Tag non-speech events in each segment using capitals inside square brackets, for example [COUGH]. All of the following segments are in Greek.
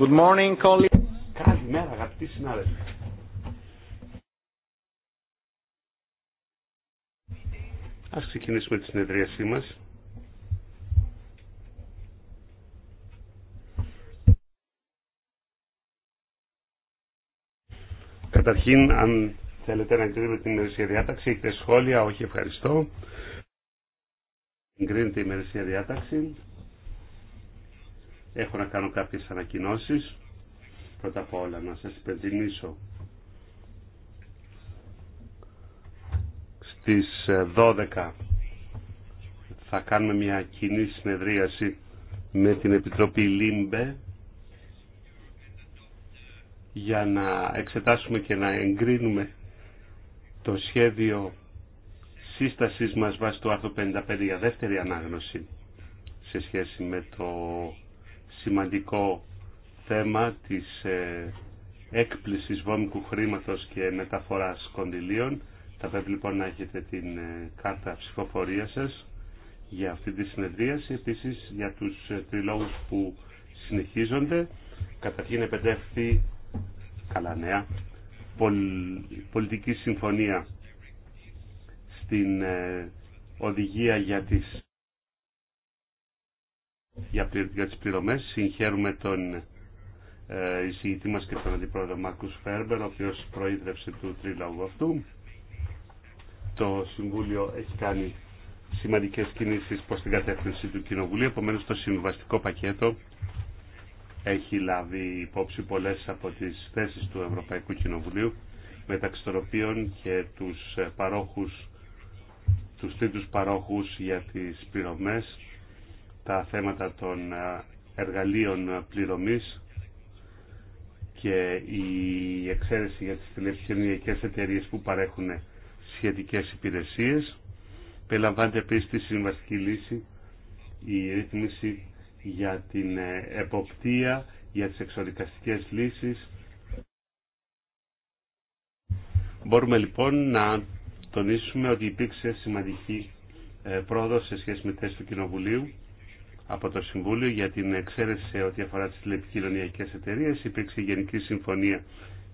Good morning, colleagues. Καλημέρα, αγαπητοί συνάδελφοι. Ας ξεκινήσουμε τη συνεδρίασή μας. Καταρχήν, αν θέλετε να εγκρίνετε την ημερησία διάταξη, έχετε σχόλια, όχι ευχαριστώ. Εγκρίνεται η ημερησία διάταξη. Έχω να κάνω κάποιες ανακοινώσεις. Πρώτα απ' όλα να σας υπενθυμίσω στις 12 ε, θα κάνουμε μια κοινή συνεδρίαση με την Επιτροπή ΛΥΜΠΕ για να εξετάσουμε και να εγκρίνουμε το σχέδιο σύστασης μας βάσει του Άρθρο 55 για δεύτερη ανάγνωση σε σχέση με το σημαντικό θέμα της ε, έκπλησης βόμικου χρήματος και μεταφοράς κονδυλίων. Θα πρέπει λοιπόν να έχετε την ε, κάρτα ψηφοφορία σας για αυτή τη συνεδρίαση. Επίσης για τους ε, τριλόγους που συνεχίζονται. Καταρχήν επεντεύχθη καλά νέα πολιτική συμφωνία στην οδηγία για τις για, για τις πληρωμές. Συγχαίρουμε τον ε, εισηγητή μας και τον αντιπρόεδρο Μάκους Φέρμπερ, ο οποίος προείδρευσε του τρίλογου αυτού. Το Συμβούλιο έχει κάνει σημαντικές κινήσεις προς την κατεύθυνση του Κοινοβουλίου, επομένως το συμβαστικό πακέτο έχει λάβει υπόψη πολλές από τις θέσεις του Ευρωπαϊκού Κοινοβουλίου, μεταξύ των οποίων και τους παρόχους τους τρίτους παρόχους για τις πληρωμές τα θέματα των ε, εργαλείων πληρωμής και η εξαίρεση για τις τηλεπικοινωνιακές εταιρείες που παρέχουν σχετικές υπηρεσίες. Περιλαμβάνεται επίσης τη συμβαστική λύση η ρύθμιση για την ε, εποπτεία, για τις εξορικαστικές λύσεις. Μπορούμε λοιπόν να τονίσουμε ότι υπήρξε σημαντική ε, πρόοδος σε σχέση με θέση του Κοινοβουλίου από το Συμβούλιο για την εξαίρεση σε ό,τι αφορά τι τηλεπικοινωνιακέ εταιρείε. Υπήρξε η Γενική Συμφωνία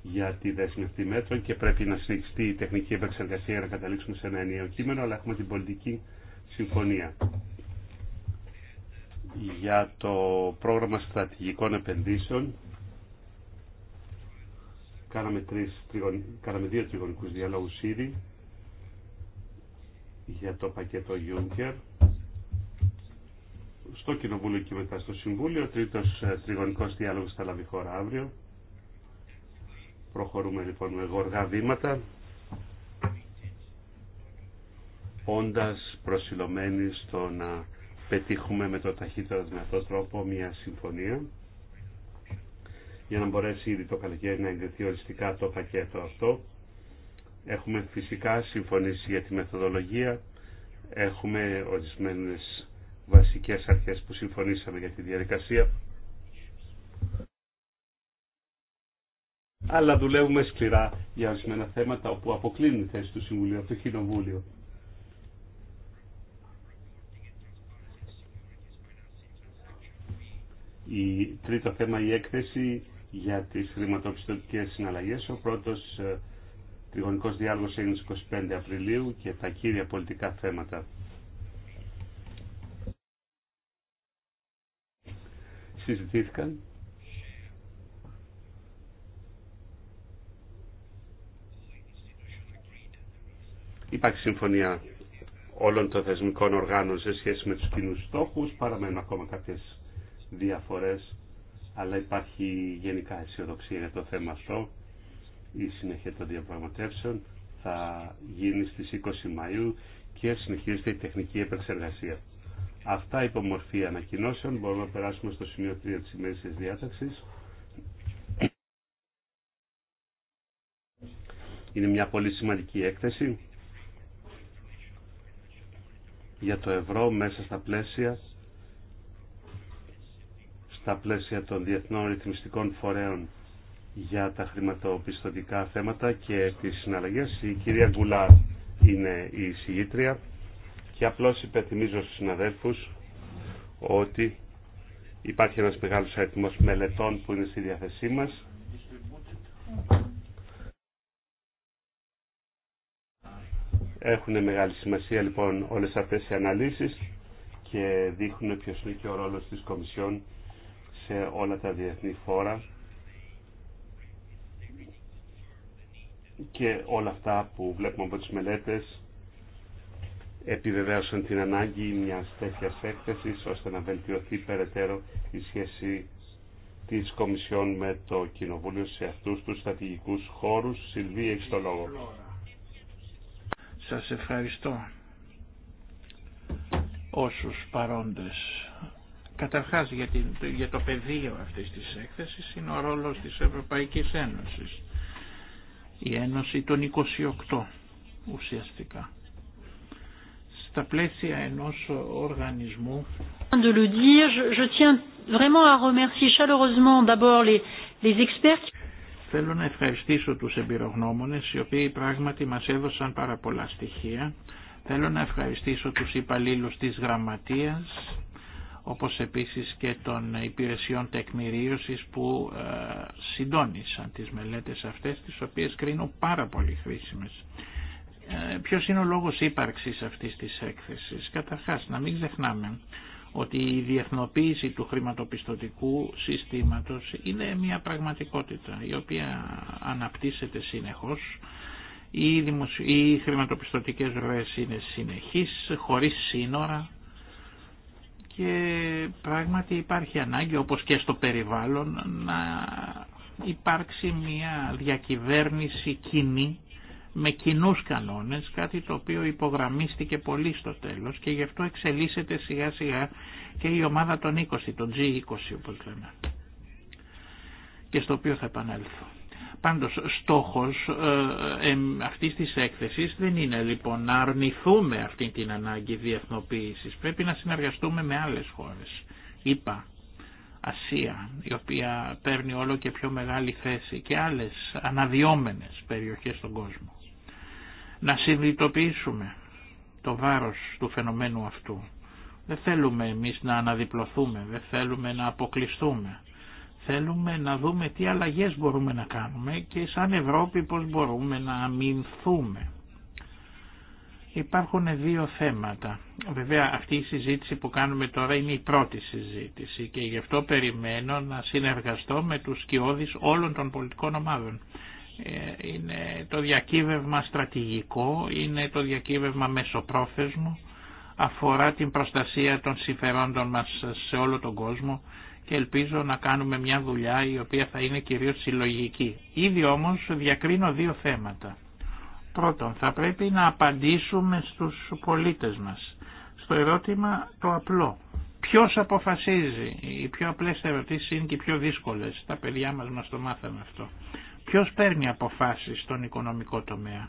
για τη δέσμευτη μέτρο και πρέπει να συνεχιστεί η τεχνική επεξεργασία για να καταλήξουμε σε ένα ενιαίο κείμενο, αλλά έχουμε την πολιτική συμφωνία. Για το πρόγραμμα στρατηγικών επενδύσεων κάναμε, τρεις, κάναμε δύο τριγωνικούς διαλόγους ήδη για το πακέτο Juncker στο Κοινοβούλιο και μετά στο Συμβούλιο. Ο τρίτος ε, τριγωνικός διάλογος θα λάβει χώρα αύριο. Προχωρούμε λοιπόν με γοργά βήματα, Όντα προσιλωμένοι στο να πετύχουμε με το ταχύτερο δυνατό τρόπο μια συμφωνία για να μπορέσει ήδη το καλοκαίρι να εγκριθεί οριστικά το πακέτο αυτό. Έχουμε φυσικά συμφωνήσει για τη μεθοδολογία, έχουμε ορισμένες βασικές αρχές που συμφωνήσαμε για τη διαδικασία. Αλλά δουλεύουμε σκληρά για ορισμένα θέματα όπου αποκλίνουν οι θέση του Συμβουλίου από το Κοινοβούλιο. Η τρίτο θέμα η έκθεση για τις χρηματοπιστωτικές συναλλαγές. Ο πρώτος ε, τριγωνικός διάλογος έγινε στις 25 Απριλίου και τα κύρια πολιτικά θέματα Υπάρχει συμφωνία όλων των θεσμικών οργάνων σε σχέση με τους κοινούς στόχους, παραμένουν ακόμα κάποιες διαφορές, αλλά υπάρχει γενικά αισιοδοξία για το θέμα αυτό. Η συνέχεια των διαπραγματεύσεων θα γίνει στις 20 Μαΐου και συνεχίζεται η τεχνική επεξεργασία. Αυτά υπό μορφή ανακοινώσεων. Μπορούμε να περάσουμε στο σημείο 3 της ημέρησης διάταξης. Είναι μια πολύ σημαντική έκθεση για το ευρώ μέσα στα πλαίσια στα πλαίσια των διεθνών ρυθμιστικών φορέων για τα χρηματοπιστωτικά θέματα και τις συναλλαγές. Η κυρία Γκουλάρ είναι η συγήτρια. Και απλώς υπενθυμίζω στους συναδέλφους ότι υπάρχει ένας μεγάλος αριθμός μελετών που είναι στη διάθεσή μας. Έχουν μεγάλη σημασία λοιπόν όλες αυτές οι αναλύσεις και δείχνουν ποιος είναι και ο ρόλος της Κομισιόν σε όλα τα διεθνή φόρα και όλα αυτά που βλέπουμε από τις μελέτες επιβεβαίωσαν την ανάγκη μιας τέτοιας έκθεσης ώστε να βελτιωθεί περαιτέρω η σχέση της Κομισιόν με το Κοινοβούλιο σε αυτούς τους στρατηγικούς χώρους. Σιλβή, έχεις το λόγο. Σας ευχαριστώ όσους παρόντες. Καταρχάς για, την, για το πεδίο αυτής της έκθεσης είναι ο ρόλος της Ευρωπαϊκής Ένωσης. Η Ένωση των 28 ουσιαστικά στα πλαίσια ενός οργανισμού. à remercier Θέλω να ευχαριστήσω τους εμπειρογνώμονες οι οποίοι πράγματι μας έδωσαν πάρα πολλά στοιχεία. Θέλω να ευχαριστήσω τους υπαλλήλους της γραμματείας όπως επίσης και των υπηρεσιών τεκμηρίωσης που ε, συντόνισαν τις μελέτες αυτές τις οποίες κρίνω πάρα πολύ χρήσιμες. Ε, ποιος είναι ο λόγος ύπαρξης αυτής της έκθεσης. Καταρχάς, να μην ξεχνάμε ότι η διεθνοποίηση του χρηματοπιστωτικού συστήματος είναι μια πραγματικότητα η οποία αναπτύσσεται συνεχώς. Οι, χρηματοπιστωτικές ροές είναι συνεχείς, χωρίς σύνορα και πράγματι υπάρχει ανάγκη όπως και στο περιβάλλον να υπάρξει μια διακυβέρνηση κοινή με κοινού κανόνες, κάτι το οποίο υπογραμμίστηκε πολύ στο τέλος και γι' αυτό εξελίσσεται σιγά σιγά και η ομάδα των 20, των G20 όπως λέμε και στο οποίο θα επανέλθω. Πάντως στόχος ε, ε, αυτής της έκθεσης δεν είναι λοιπόν να αρνηθούμε αυτή την ανάγκη διεθνοποίησης. Πρέπει να συνεργαστούμε με άλλες χώρες. Είπα, Ασία, η οποία παίρνει όλο και πιο μεγάλη θέση και άλλες αναδιόμενες περιοχές στον κόσμο να συνειδητοποιήσουμε το βάρος του φαινομένου αυτού. Δεν θέλουμε εμείς να αναδιπλωθούμε, δεν θέλουμε να αποκλειστούμε. Θέλουμε να δούμε τι αλλαγές μπορούμε να κάνουμε και σαν Ευρώπη πώς μπορούμε να αμυνθούμε. Υπάρχουν δύο θέματα. Βέβαια αυτή η συζήτηση που κάνουμε τώρα είναι η πρώτη συζήτηση και γι' αυτό περιμένω να συνεργαστώ με τους σκιώδεις όλων των πολιτικών ομάδων. Ε, είναι το διακύβευμα στρατηγικό, είναι το διακύβευμα μεσοπρόθεσμο, αφορά την προστασία των συμφερόντων μας σε όλο τον κόσμο και ελπίζω να κάνουμε μια δουλειά η οποία θα είναι κυρίως συλλογική. Ήδη όμως διακρίνω δύο θέματα. Πρώτον, θα πρέπει να απαντήσουμε στους πολίτες μας. Στο ερώτημα το απλό. Ποιος αποφασίζει. Οι πιο απλές ερωτήσεις είναι και οι πιο δύσκολες. Τα παιδιά μας μας το μάθανε αυτό. Ποιος παίρνει αποφάσεις στον οικονομικό τομέα.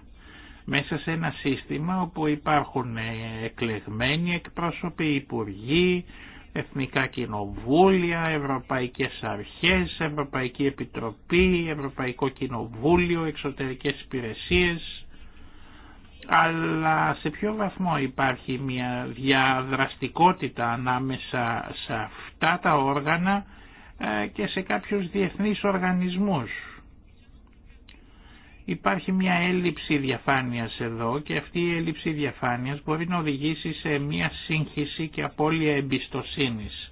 Μέσα σε ένα σύστημα όπου υπάρχουν ε, εκλεγμένοι εκπρόσωποι, υπουργοί, εθνικά κοινοβούλια, ευρωπαϊκές αρχές, Ευρωπαϊκή Επιτροπή, Ευρωπαϊκό Κοινοβούλιο, εξωτερικές υπηρεσίες, αλλά σε ποιο βαθμό υπάρχει μια διαδραστικότητα ανάμεσα σε αυτά τα όργανα ε, και σε κάποιους διεθνείς οργανισμούς. Υπάρχει μια έλλειψη διαφάνειας εδώ και αυτή η έλλειψη διαφάνειας μπορεί να οδηγήσει σε μια σύγχυση και απώλεια εμπιστοσύνης.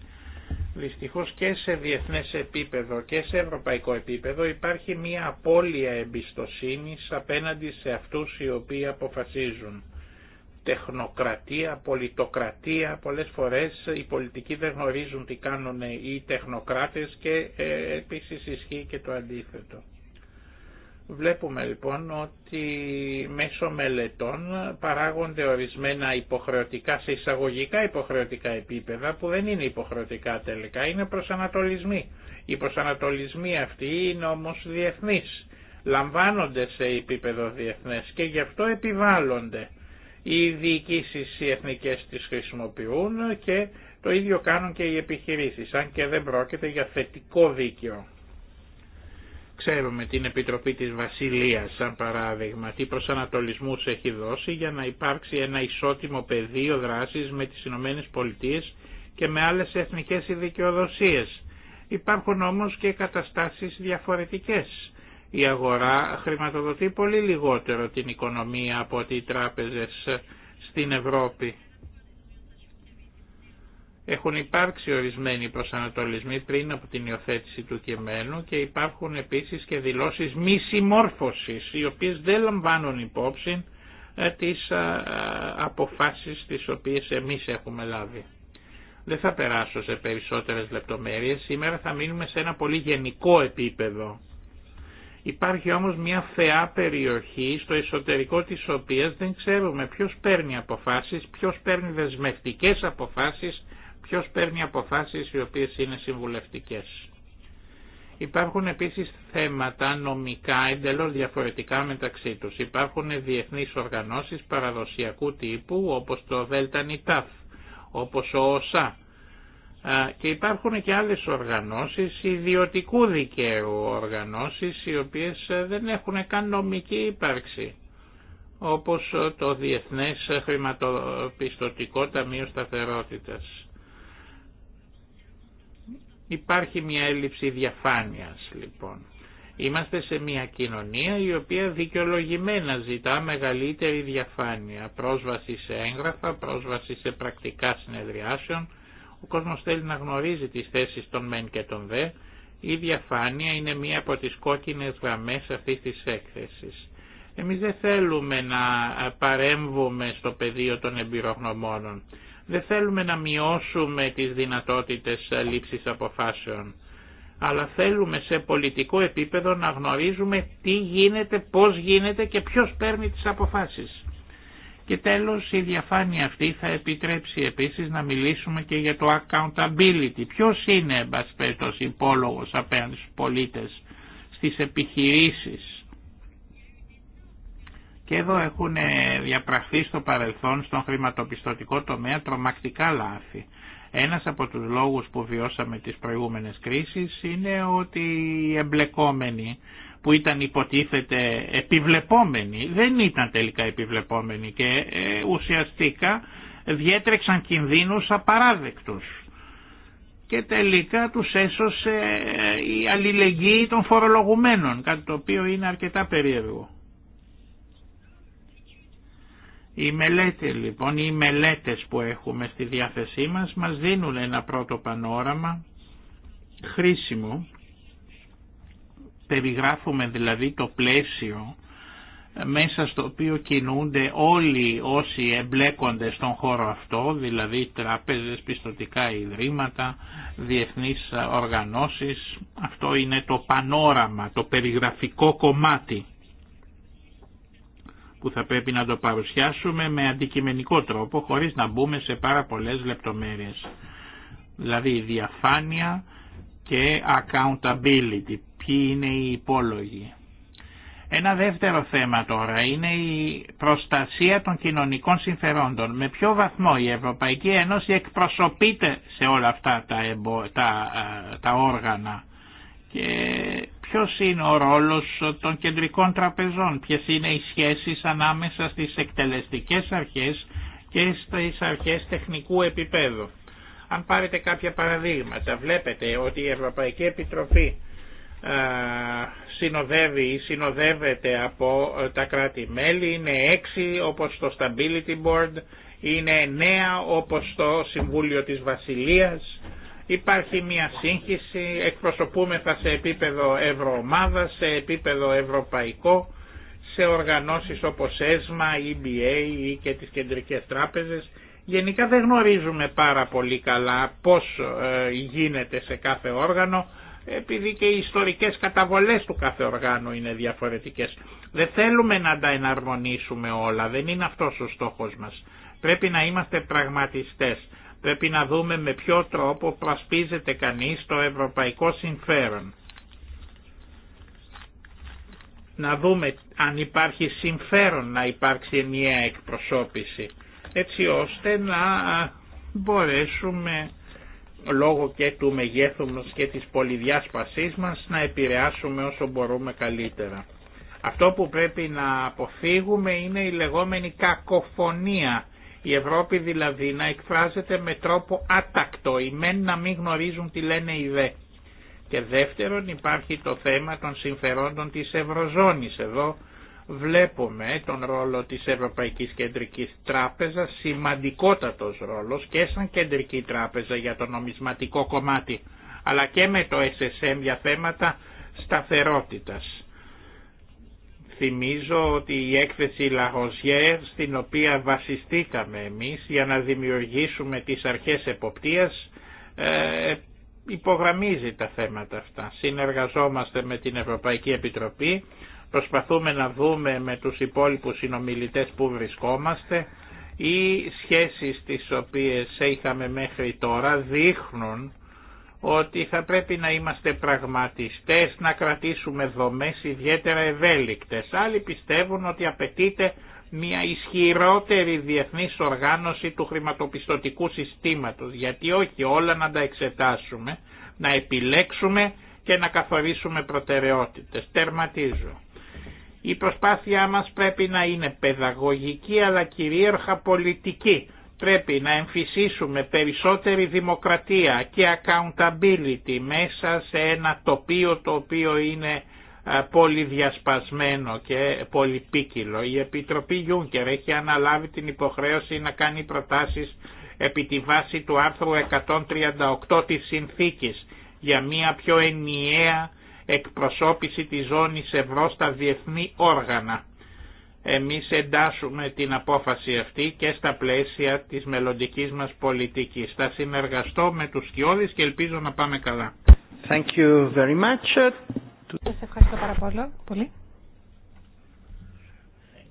Δυστυχώς και σε διεθνές επίπεδο και σε ευρωπαϊκό επίπεδο υπάρχει μια απώλεια εμπιστοσύνης απέναντι σε αυτούς οι οποίοι αποφασίζουν. Τεχνοκρατία, πολιτοκρατία, πολλές φορές οι πολιτικοί δεν γνωρίζουν τι κάνουν οι τεχνοκράτες και ε, επίσης ισχύει και το αντίθετο. Βλέπουμε λοιπόν ότι μέσω μελετών παράγονται ορισμένα υποχρεωτικά σε εισαγωγικά υποχρεωτικά επίπεδα που δεν είναι υποχρεωτικά τελικά, είναι προσανατολισμοί. Οι προσανατολισμοί αυτοί είναι όμως διεθνείς, λαμβάνονται σε επίπεδο διεθνές και γι' αυτό επιβάλλονται. Οι διοικήσεις οι εθνικές τις χρησιμοποιούν και το ίδιο κάνουν και οι επιχειρήσεις, αν και δεν πρόκειται για θετικό δίκαιο. Ξέρουμε την Επιτροπή της Βασιλείας, σαν παράδειγμα, τι προσανατολισμούς έχει δώσει για να υπάρξει ένα ισότιμο πεδίο δράσης με τις Ηνωμένε Πολιτείες και με άλλες εθνικές ειδικαιοδοσίες. Υπάρχουν όμως και καταστάσεις διαφορετικές. Η αγορά χρηματοδοτεί πολύ λιγότερο την οικονομία από ότι οι τράπεζες στην Ευρώπη. Έχουν υπάρξει ορισμένοι προσανατολισμοί πριν από την υιοθέτηση του κειμένου και υπάρχουν επίσης και δηλώσεις μη συμμόρφωσης, οι οποίες δεν λαμβάνουν υπόψη ε, τις ε, αποφάσεις τις οποίες εμείς έχουμε λάβει. Δεν θα περάσω σε περισσότερες λεπτομέρειες, σήμερα θα μείνουμε σε ένα πολύ γενικό επίπεδο. Υπάρχει όμως μια θεά περιοχή στο εσωτερικό της οποίας δεν ξέρουμε ποιος παίρνει αποφάσεις, ποιος παίρνει δεσμευτικές αποφάσεις ποιος παίρνει αποφάσεις οι οποίες είναι συμβουλευτικές. Υπάρχουν επίσης θέματα νομικά εντελώς διαφορετικά μεταξύ τους. Υπάρχουν διεθνείς οργανώσεις παραδοσιακού τύπου όπως το ΔΕΛΤΑΝΙΤΑΦ, όπως ο ΟΣΑ και υπάρχουν και άλλες οργανώσεις ιδιωτικού δικαίου οργανώσεις οι οποίες ε, δεν έχουν καν νομική ύπαρξη όπως το Διεθνές Χρηματοπιστωτικό Ταμείο Σταθερότητας. Υπάρχει μια έλλειψη διαφάνειας λοιπόν. Είμαστε σε μια κοινωνία η οποία δικαιολογημένα ζητά μεγαλύτερη διαφάνεια, πρόσβαση σε έγγραφα, πρόσβαση σε πρακτικά συνεδριάσεων. Ο κόσμος θέλει να γνωρίζει τις θέσεις των μεν και των δε. Η διαφάνεια είναι μία από τις κόκκινες γραμμές αυτής της έκθεσης. Εμείς δεν θέλουμε να παρέμβουμε στο πεδίο των εμπειρογνωμόνων. Δεν θέλουμε να μειώσουμε τις δυνατότητες λήψης αποφάσεων, αλλά θέλουμε σε πολιτικό επίπεδο να γνωρίζουμε τι γίνεται, πώς γίνεται και ποιος παίρνει τις αποφάσεις. Και τέλος η διαφάνεια αυτή θα επιτρέψει επίσης να μιλήσουμε και για το accountability. Ποιος είναι εμπασπέτος υπόλογος απέναντι στους πολίτες, στις επιχειρήσεις, και εδώ έχουν διαπραχθεί στο παρελθόν στον χρηματοπιστωτικό τομέα τρομακτικά λάθη. Ένας από τους λόγους που βιώσαμε τις προηγούμενες κρίσεις είναι ότι οι εμπλεκόμενοι που ήταν υποτίθεται επιβλεπόμενοι δεν ήταν τελικά επιβλεπόμενοι και ε, ουσιαστικά διέτρεξαν κινδύνους απαράδεκτους. Και τελικά τους έσωσε ε, η αλληλεγγύη των φορολογουμένων, κάτι το οποίο είναι αρκετά περίεργο. Οι μελέτες λοιπόν, οι μελέτες που έχουμε στη διάθεσή μας μας δίνουν ένα πρώτο πανόραμα χρήσιμο. Περιγράφουμε δηλαδή το πλαίσιο μέσα στο οποίο κινούνται όλοι όσοι εμπλέκονται στον χώρο αυτό, δηλαδή τράπεζες, πιστοτικά ιδρύματα, διεθνείς οργανώσεις. Αυτό είναι το πανόραμα, το περιγραφικό κομμάτι που θα πρέπει να το παρουσιάσουμε με αντικειμενικό τρόπο χωρίς να μπούμε σε πάρα πολλές λεπτομέρειες. Δηλαδή διαφάνεια και accountability, ποιοι είναι οι υπόλογοι. Ένα δεύτερο θέμα τώρα είναι η προστασία των κοινωνικών συμφερόντων. Με ποιο βαθμό η Ευρωπαϊκή Ένωση εκπροσωπείται σε όλα αυτά τα, τα... Ε, τα όργανα και ποιος είναι ο ρόλος των κεντρικών τραπεζών, ποιες είναι οι σχέσεις ανάμεσα στις εκτελεστικές αρχές και στις αρχές τεχνικού επίπεδου. Αν πάρετε κάποια παραδείγματα, βλέπετε ότι η Ευρωπαϊκή Επιτροπή συνοδεύει ή συνοδεύεται από ε, τα κράτη-μέλη, είναι έξι όπως το Stability Board, είναι νέα όπως το Συμβούλιο της Βασιλείας, Υπάρχει μια σύγχυση, εκπροσωπούμεθα σε επίπεδο ευρωομάδα, σε επίπεδο ευρωπαϊκό, σε οργανώσεις όπως ΕΣΜΑ, EBA ή και τις κεντρικές τράπεζες. Γενικά δεν γνωρίζουμε πάρα πολύ καλά πώς ε, γίνεται σε κάθε όργανο, επειδή και οι ιστορικές καταβολές του κάθε οργάνου είναι διαφορετικές. Δεν θέλουμε να τα εναρμονίσουμε όλα, δεν είναι αυτός ο στόχος μας. Πρέπει να είμαστε πραγματιστές. Πρέπει να δούμε με ποιο τρόπο προσπίζεται κανείς το ευρωπαϊκό συμφέρον. Να δούμε αν υπάρχει συμφέρον να υπάρξει μια εκπροσώπηση, έτσι ώστε να μπορέσουμε λόγω και του μεγέθους και της πολυδιάσπασής μας να επηρεάσουμε όσο μπορούμε καλύτερα. Αυτό που πρέπει να αποφύγουμε είναι η λεγόμενη κακοφωνία η Ευρώπη δηλαδή να εκφράζεται με τρόπο άτακτο, οι μεν να μην γνωρίζουν τι λένε οι δε. Και δεύτερον υπάρχει το θέμα των συμφερόντων της Ευρωζώνης. Εδώ βλέπουμε τον ρόλο της Ευρωπαϊκής Κεντρικής Τράπεζας, σημαντικότατος ρόλος και σαν κεντρική τράπεζα για το νομισματικό κομμάτι, αλλά και με το SSM για θέματα σταθερότητας. Θυμίζω ότι η έκθεση Λαγοζιέρ στην οποία βασιστήκαμε εμείς για να δημιουργήσουμε τις αρχές εποπτείας ε, υπογραμμίζει τα θέματα αυτά. Συνεργαζόμαστε με την Ευρωπαϊκή Επιτροπή, προσπαθούμε να δούμε με τους υπόλοιπους συνομιλητές που βρισκόμαστε. Οι σχέσεις τις οποίες είχαμε μέχρι τώρα δείχνουν ότι θα πρέπει να είμαστε πραγματιστές, να κρατήσουμε δομές ιδιαίτερα ευέλικτες. Άλλοι πιστεύουν ότι απαιτείται μια ισχυρότερη διεθνής οργάνωση του χρηματοπιστωτικού συστήματος, γιατί όχι όλα να τα εξετάσουμε, να επιλέξουμε και να καθορίσουμε προτεραιότητες. Τερματίζω. Η προσπάθειά μας πρέπει να είναι παιδαγωγική αλλά κυρίαρχα πολιτική πρέπει να εμφυσίσουμε περισσότερη δημοκρατία και accountability μέσα σε ένα τοπίο το οποίο είναι πολύ διασπασμένο και πολυπίκυλο. Η Επιτροπή Γιούνκερ έχει αναλάβει την υποχρέωση να κάνει προτάσεις επί τη βάση του άρθρου 138 της Συνθήκης για μια πιο ενιαία εκπροσώπηση της ζώνης ευρώ στα διεθνή όργανα εμείς εντάσσουμε την απόφαση αυτή και στα πλαίσια της μελλοντική μας πολιτικής. Θα συνεργαστώ με τους σκιώδεις και ελπίζω να πάμε καλά. Thank you very much. Σας ευχαριστώ πάρα πολύ.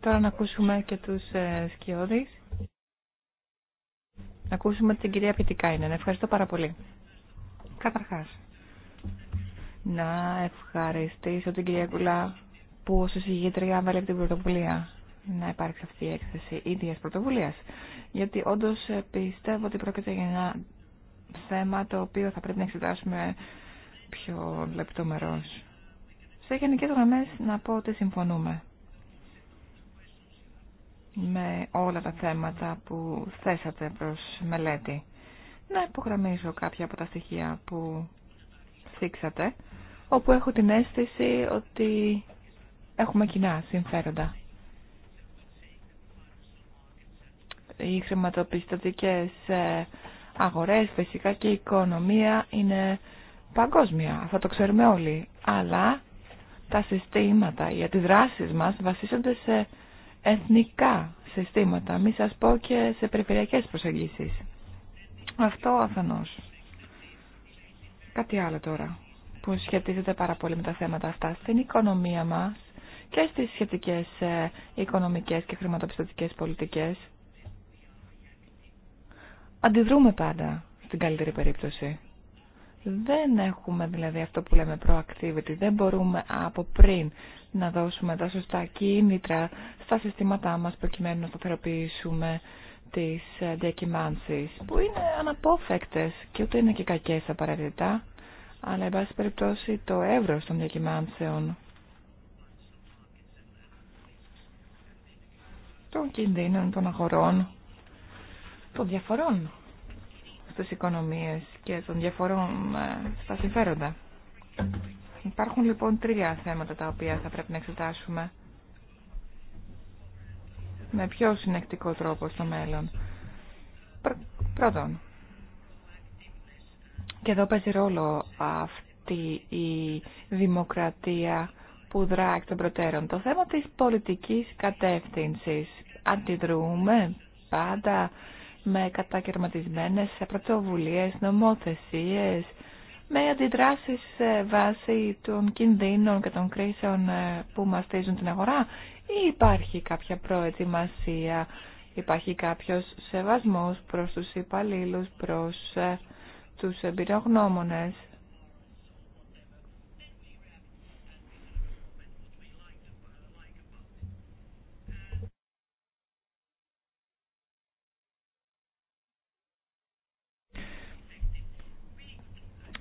Τώρα να ακούσουμε και τους ε, σκιώδεις. Να ακούσουμε την κυρία Πιτικάινεν. Ευχαριστώ πάρα πολύ. Καταρχάς, να ευχαριστήσω την κυρία Κουλά που ως εισηγήτρια βάλει την πρωτοβουλία να υπάρξει αυτή η έκθεση ίδιας πρωτοβουλίας. Γιατί όντως ε, πιστεύω ότι πρόκειται για ένα θέμα το οποίο θα πρέπει να εξετάσουμε πιο λεπτομερώς. Σε γενικές γραμμές να πω ότι συμφωνούμε με όλα τα θέματα που θέσατε προς μελέτη. Να υπογραμμίζω κάποια από τα στοιχεία που θίξατε, όπου έχω την αίσθηση ότι έχουμε κοινά συμφέροντα. Οι χρηματοπιστωτικές ε, αγορές φυσικά και η οικονομία είναι παγκόσμια, αυτό το ξέρουμε όλοι. Αλλά τα συστήματα, για οι δράσεις μας βασίζονται σε εθνικά συστήματα, μη σας πω και σε περιφερειακές προσεγγίσεις. Αυτό αφανώς. Κάτι άλλο τώρα που σχετίζεται πάρα πολύ με τα θέματα αυτά. Στην οικονομία μας και στις σχετικές ε, οικονομικές και χρηματοπιστωτικές πολιτικές. Αντιδρούμε πάντα στην καλύτερη περίπτωση. Δεν έχουμε δηλαδή αυτό που λέμε proactivity, δεν μπορούμε από πριν να δώσουμε τα σωστά κίνητρα στα συστήματά μας προκειμένου να σταθεροποιήσουμε τις ε, διακυμάνσεις που είναι αναπόφεκτες και ούτε είναι και κακές απαραίτητα αλλά εν περιπτώσει το εύρος των διακυμάνσεων των κινδύνων των αγορών, των διαφορών στις οικονομίες και των διαφορών ε, στα συμφέροντα. Υπάρχουν λοιπόν τρία θέματα τα οποία θα πρέπει να εξετάσουμε με πιο συνεκτικό τρόπο στο μέλλον. Πρώτον, και εδώ παίζει ρόλο αυτή η δημοκρατία που Το θέμα της πολιτικής κατεύθυνσης. Αντιδρούμε πάντα με κατακαιρματισμένες πρωτοβουλίε, νομοθεσίες, με αντιδράσεις σε βάση των κινδύνων και των κρίσεων ε, που μαστίζουν την αγορά ή υπάρχει κάποια προετοιμασία, υπάρχει κάποιος σεβασμός προς τους υπαλλήλους, προς ε, τους εμπειρογνώμονες.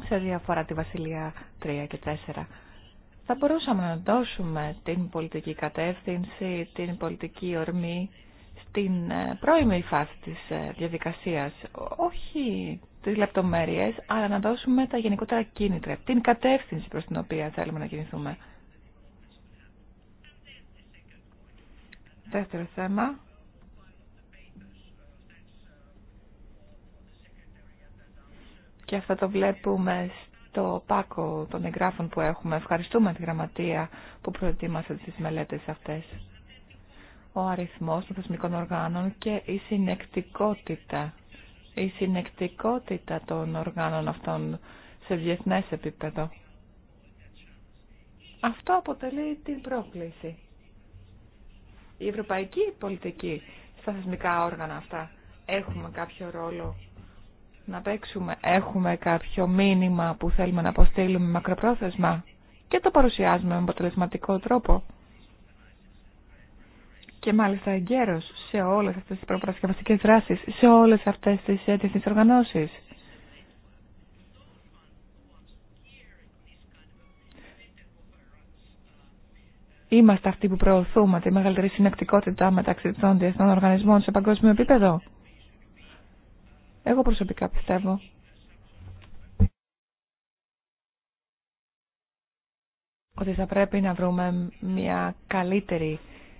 σε ό,τι αφορά τη Βασιλεία 3 και 4. Θα μπορούσαμε να δώσουμε την πολιτική κατεύθυνση, την πολιτική ορμή στην ε, πρώιμη φάση της ε, διαδικασίας, όχι τις λεπτομέρειες, αλλά να δώσουμε τα γενικότερα κίνητρα, την κατεύθυνση προς την οποία θέλουμε να κινηθούμε. Δεύτερο θέμα, Και αυτό το βλέπουμε στο πάκο των εγγράφων που έχουμε. Ευχαριστούμε τη γραμματεία που προετοίμασε τις μελέτες αυτές. Ο αριθμός των θεσμικών οργάνων και η συνεκτικότητα. Η συνεκτικότητα των οργάνων αυτών σε διεθνές επίπεδο. Αυτό αποτελεί την πρόκληση. Η ευρωπαϊκή πολιτική στα θεσμικά όργανα αυτά έχουμε κάποιο ρόλο να παίξουμε. Έχουμε κάποιο μήνυμα που θέλουμε να αποστείλουμε μακροπρόθεσμα και το παρουσιάζουμε με αποτελεσματικό τρόπο. Και μάλιστα εγκαίρως σε όλες αυτές τις προπαρασκευαστικές δράσεις, σε όλες αυτές τις διεθνείς οργανώσεις. Είμαστε αυτοί που προωθούμε τη μεγαλύτερη συνεκτικότητα μεταξύ των διεθνών οργανισμών σε παγκόσμιο επίπεδο. Εγώ προσωπικά πιστεύω ότι θα πρέπει να βρούμε μια καλύτερη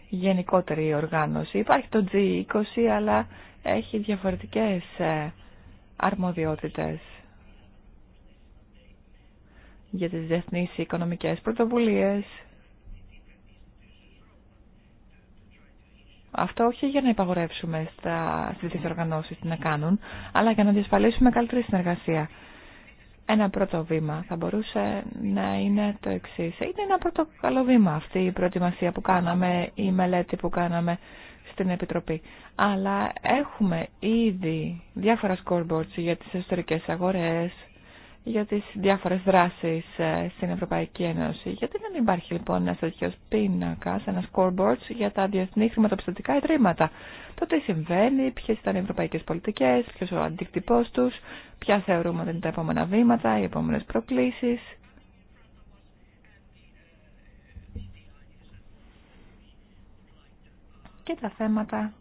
γενικότερη οργάνωση. Υπάρχει το G20 αλλά έχει διαφορετικές ε, αρμοδιότητες για τις διεθνείς οικονομικές πρωτοβουλίες Αυτό όχι για να υπαγορεύσουμε στι οργανώσει τι να κάνουν, αλλά για να διασφαλίσουμε καλύτερη συνεργασία. Ένα πρώτο βήμα θα μπορούσε να είναι το εξή. Είναι ένα πρώτο καλό βήμα αυτή η προετοιμασία που κάναμε, η μελέτη που κάναμε στην Επιτροπή. Αλλά έχουμε ήδη διάφορα scoreboards για τις εσωτερικές αγορές, για τις διάφορες δράσεις ε, στην Ευρωπαϊκή Ένωση. Γιατί δεν υπάρχει λοιπόν ένας τέτοιο πίνακας, ένα scoreboard για τα διεθνή χρηματοπιστωτικά ιδρύματα. Το τι συμβαίνει, ποιε ήταν οι ευρωπαϊκές πολιτικές, ποιος ο αντίκτυπός τους, ποια θεωρούμε ότι είναι τα επόμενα βήματα, οι επόμενες προκλήσεις. Και τα θέματα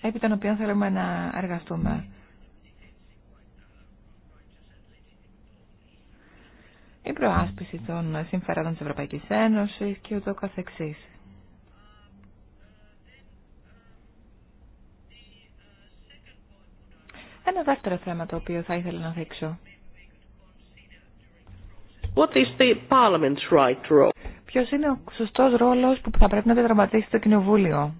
επί των οποίων θέλουμε να εργαστούμε. Η προάσπιση των συμφερόντων της Ευρωπαϊκής Ένωσης και ούτω καθεξής. Ένα δεύτερο θέμα το οποίο θα ήθελα να δείξω. What is the parliament's right role? Ποιος είναι ο σωστός ρόλος που θα πρέπει να διαδραματίσει το Κοινοβούλιο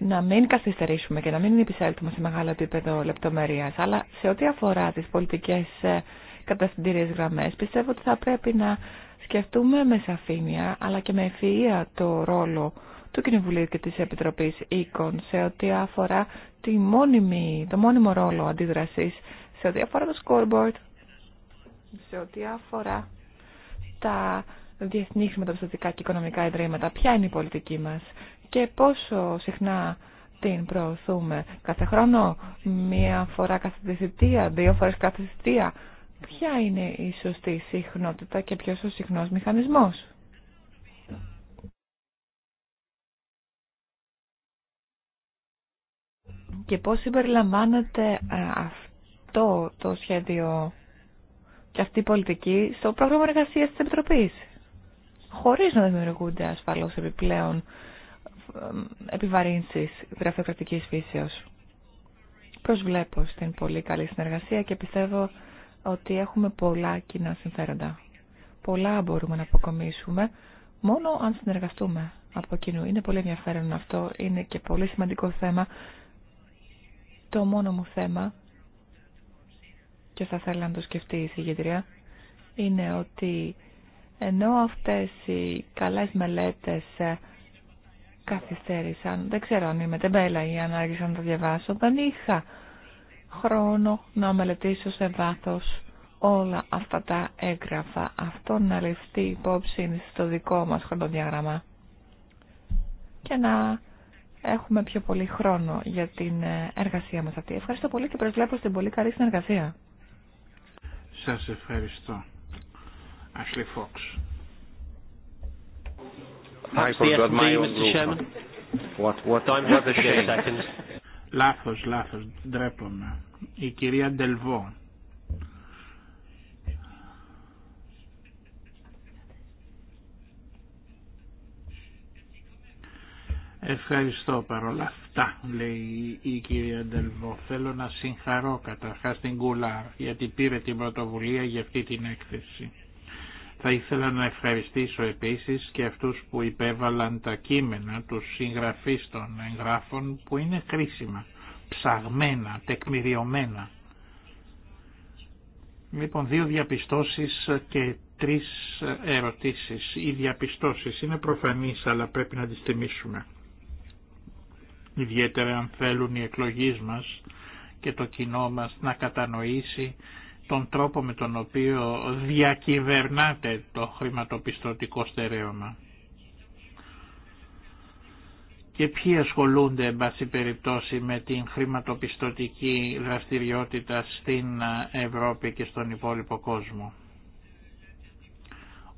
να μην καθυστερήσουμε και να μην επισέλθουμε σε μεγάλο επίπεδο λεπτομερία, αλλά σε ό,τι αφορά τι πολιτικέ ε, καταστηντήριες γραμμέ, πιστεύω ότι θα πρέπει να σκεφτούμε με σαφήνεια, αλλά και με ευφυα το ρόλο του Κοινοβουλίου και τη Επιτροπή Οίκων σε ό,τι αφορά τη μόνιμη, το μόνιμο ρόλο αντίδραση σε ό,τι αφορά το scoreboard, σε ό,τι αφορά τα διεθνή χρηματοπιστωτικά και οικονομικά ιδρύματα. Ποια είναι η πολιτική μας και πόσο συχνά την προωθούμε. Κάθε χρόνο, μία φορά κάθε θητεία, δύο φορές κάθε θητεία. Ποια είναι η σωστή συχνότητα και ποιος ο συχνός μηχανισμός. Και πώς συμπεριλαμβάνεται ε, αυτό το σχέδιο και αυτή η πολιτική στο πρόγραμμα εργασίας της Επιτροπής. Χωρίς να δημιουργούνται ασφαλώς επιπλέον επιβαρύνσεις γραφειοκρατικής φύσεως. Προσβλέπω στην πολύ καλή συνεργασία και πιστεύω ότι έχουμε πολλά κοινά συμφέροντα. Πολλά μπορούμε να αποκομίσουμε μόνο αν συνεργαστούμε από κοινού. Είναι πολύ ενδιαφέρον αυτό, είναι και πολύ σημαντικό θέμα. Το μόνο μου θέμα, και θα θέλω να το σκεφτεί η συγγεντρία, είναι ότι ενώ αυτές οι καλές μελέτες ε, καθυστέρησαν. Δεν ξέρω αν είμαι τεμπέλα ή αν άργησα να το διαβάσω. Δεν είχα χρόνο να μελετήσω σε βάθος όλα αυτά τα έγγραφα. Αυτό να ληφθεί υπόψη στο δικό μας χρονοδιάγραμμα. Και να έχουμε πιο πολύ χρόνο για την ε, εργασία μας αυτή. Ευχαριστώ πολύ και προσβλέπω στην πολύ καλή συνεργασία. Σας ευχαριστώ. Ashley Fox. Λάθο, λάθο, Λάθος, λάθος, ντρέπομαι. Η κυρία Ντελβό. Ευχαριστώ παρόλα αυτά, λέει η κυρία Ντελβό. Θέλω να συγχαρώ καταρχάς την Κουλάρ γιατί πήρε την πρωτοβουλία για αυτή την έκθεση. Θα ήθελα να ευχαριστήσω επίσης και αυτούς που υπέβαλαν τα κείμενα, τους συγγραφείς των εγγράφων που είναι χρήσιμα, ψαγμένα, τεκμηριωμένα. Λοιπόν, δύο διαπιστώσεις και τρεις ερωτήσεις. Οι διαπιστώσεις είναι προφανείς αλλά πρέπει να τις τιμήσουμε. Ιδιαίτερα αν θέλουν οι εκλογείς μας και το κοινό μας να κατανοήσει τον τρόπο με τον οποίο διακυβερνάτε το χρηματοπιστωτικό στερέωμα και ποιοι ασχολούνται εν πάση περιπτώσει με την χρηματοπιστωτική δραστηριότητα στην Ευρώπη και στον υπόλοιπο κόσμο.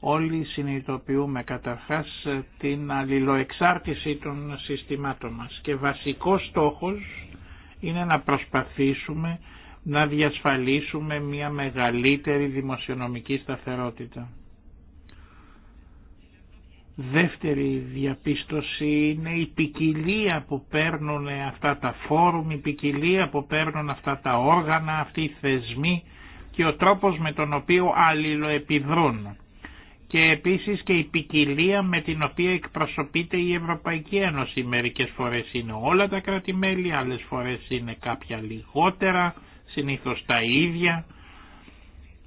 Όλοι συνειδητοποιούμε καταρχάς την αλληλοεξάρτηση των συστημάτων μας και βασικός στόχος είναι να προσπαθήσουμε να διασφαλίσουμε μια μεγαλύτερη δημοσιονομική σταθερότητα. Δεύτερη διαπίστωση είναι η ποικιλία που παίρνουν αυτά τα φόρουμ, η ποικιλία που παίρνουν αυτά τα όργανα, αυτοί οι θεσμοί και ο τρόπος με τον οποίο αλληλοεπιδρούν. Και επίσης και η ποικιλία με την οποία εκπροσωπείται η Ευρωπαϊκή Ένωση. Μερικές φορές είναι όλα τα κράτη-μέλη, άλλες φορές είναι κάποια λιγότερα συνήθως τα ίδια.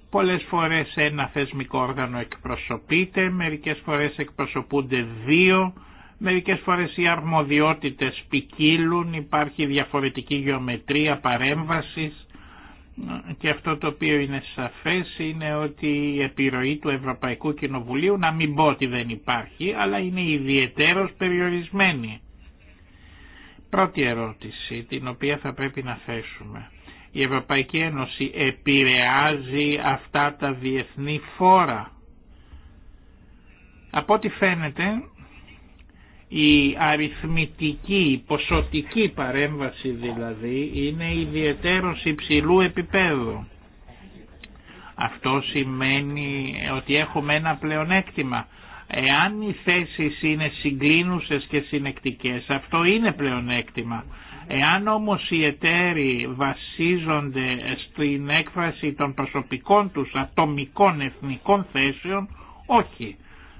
Πολλές φορές ένα θεσμικό όργανο εκπροσωπείται, μερικές φορές εκπροσωπούνται δύο, μερικές φορές οι αρμοδιότητες ποικίλουν, υπάρχει διαφορετική γεωμετρία παρέμβασης και αυτό το οποίο είναι σαφές είναι ότι η επιρροή του Ευρωπαϊκού Κοινοβουλίου, να μην πω ότι δεν υπάρχει, αλλά είναι ιδιαιτέρως περιορισμένη. Πρώτη ερώτηση, την οποία θα πρέπει να θέσουμε η Ευρωπαϊκή Ένωση επηρεάζει αυτά τα διεθνή φόρα. Από ό,τι φαίνεται η αριθμητική, η ποσοτική παρέμβαση δηλαδή είναι ιδιαίτερο υψηλού επίπεδου. Αυτό σημαίνει ότι έχουμε ένα πλεονέκτημα. Εάν οι θέσεις είναι συγκλίνουσες και συνεκτικές, αυτό είναι πλεονέκτημα. Εάν όμως οι εταίροι βασίζονται στην έκφραση των προσωπικών τους ατομικών εθνικών θέσεων, όχι.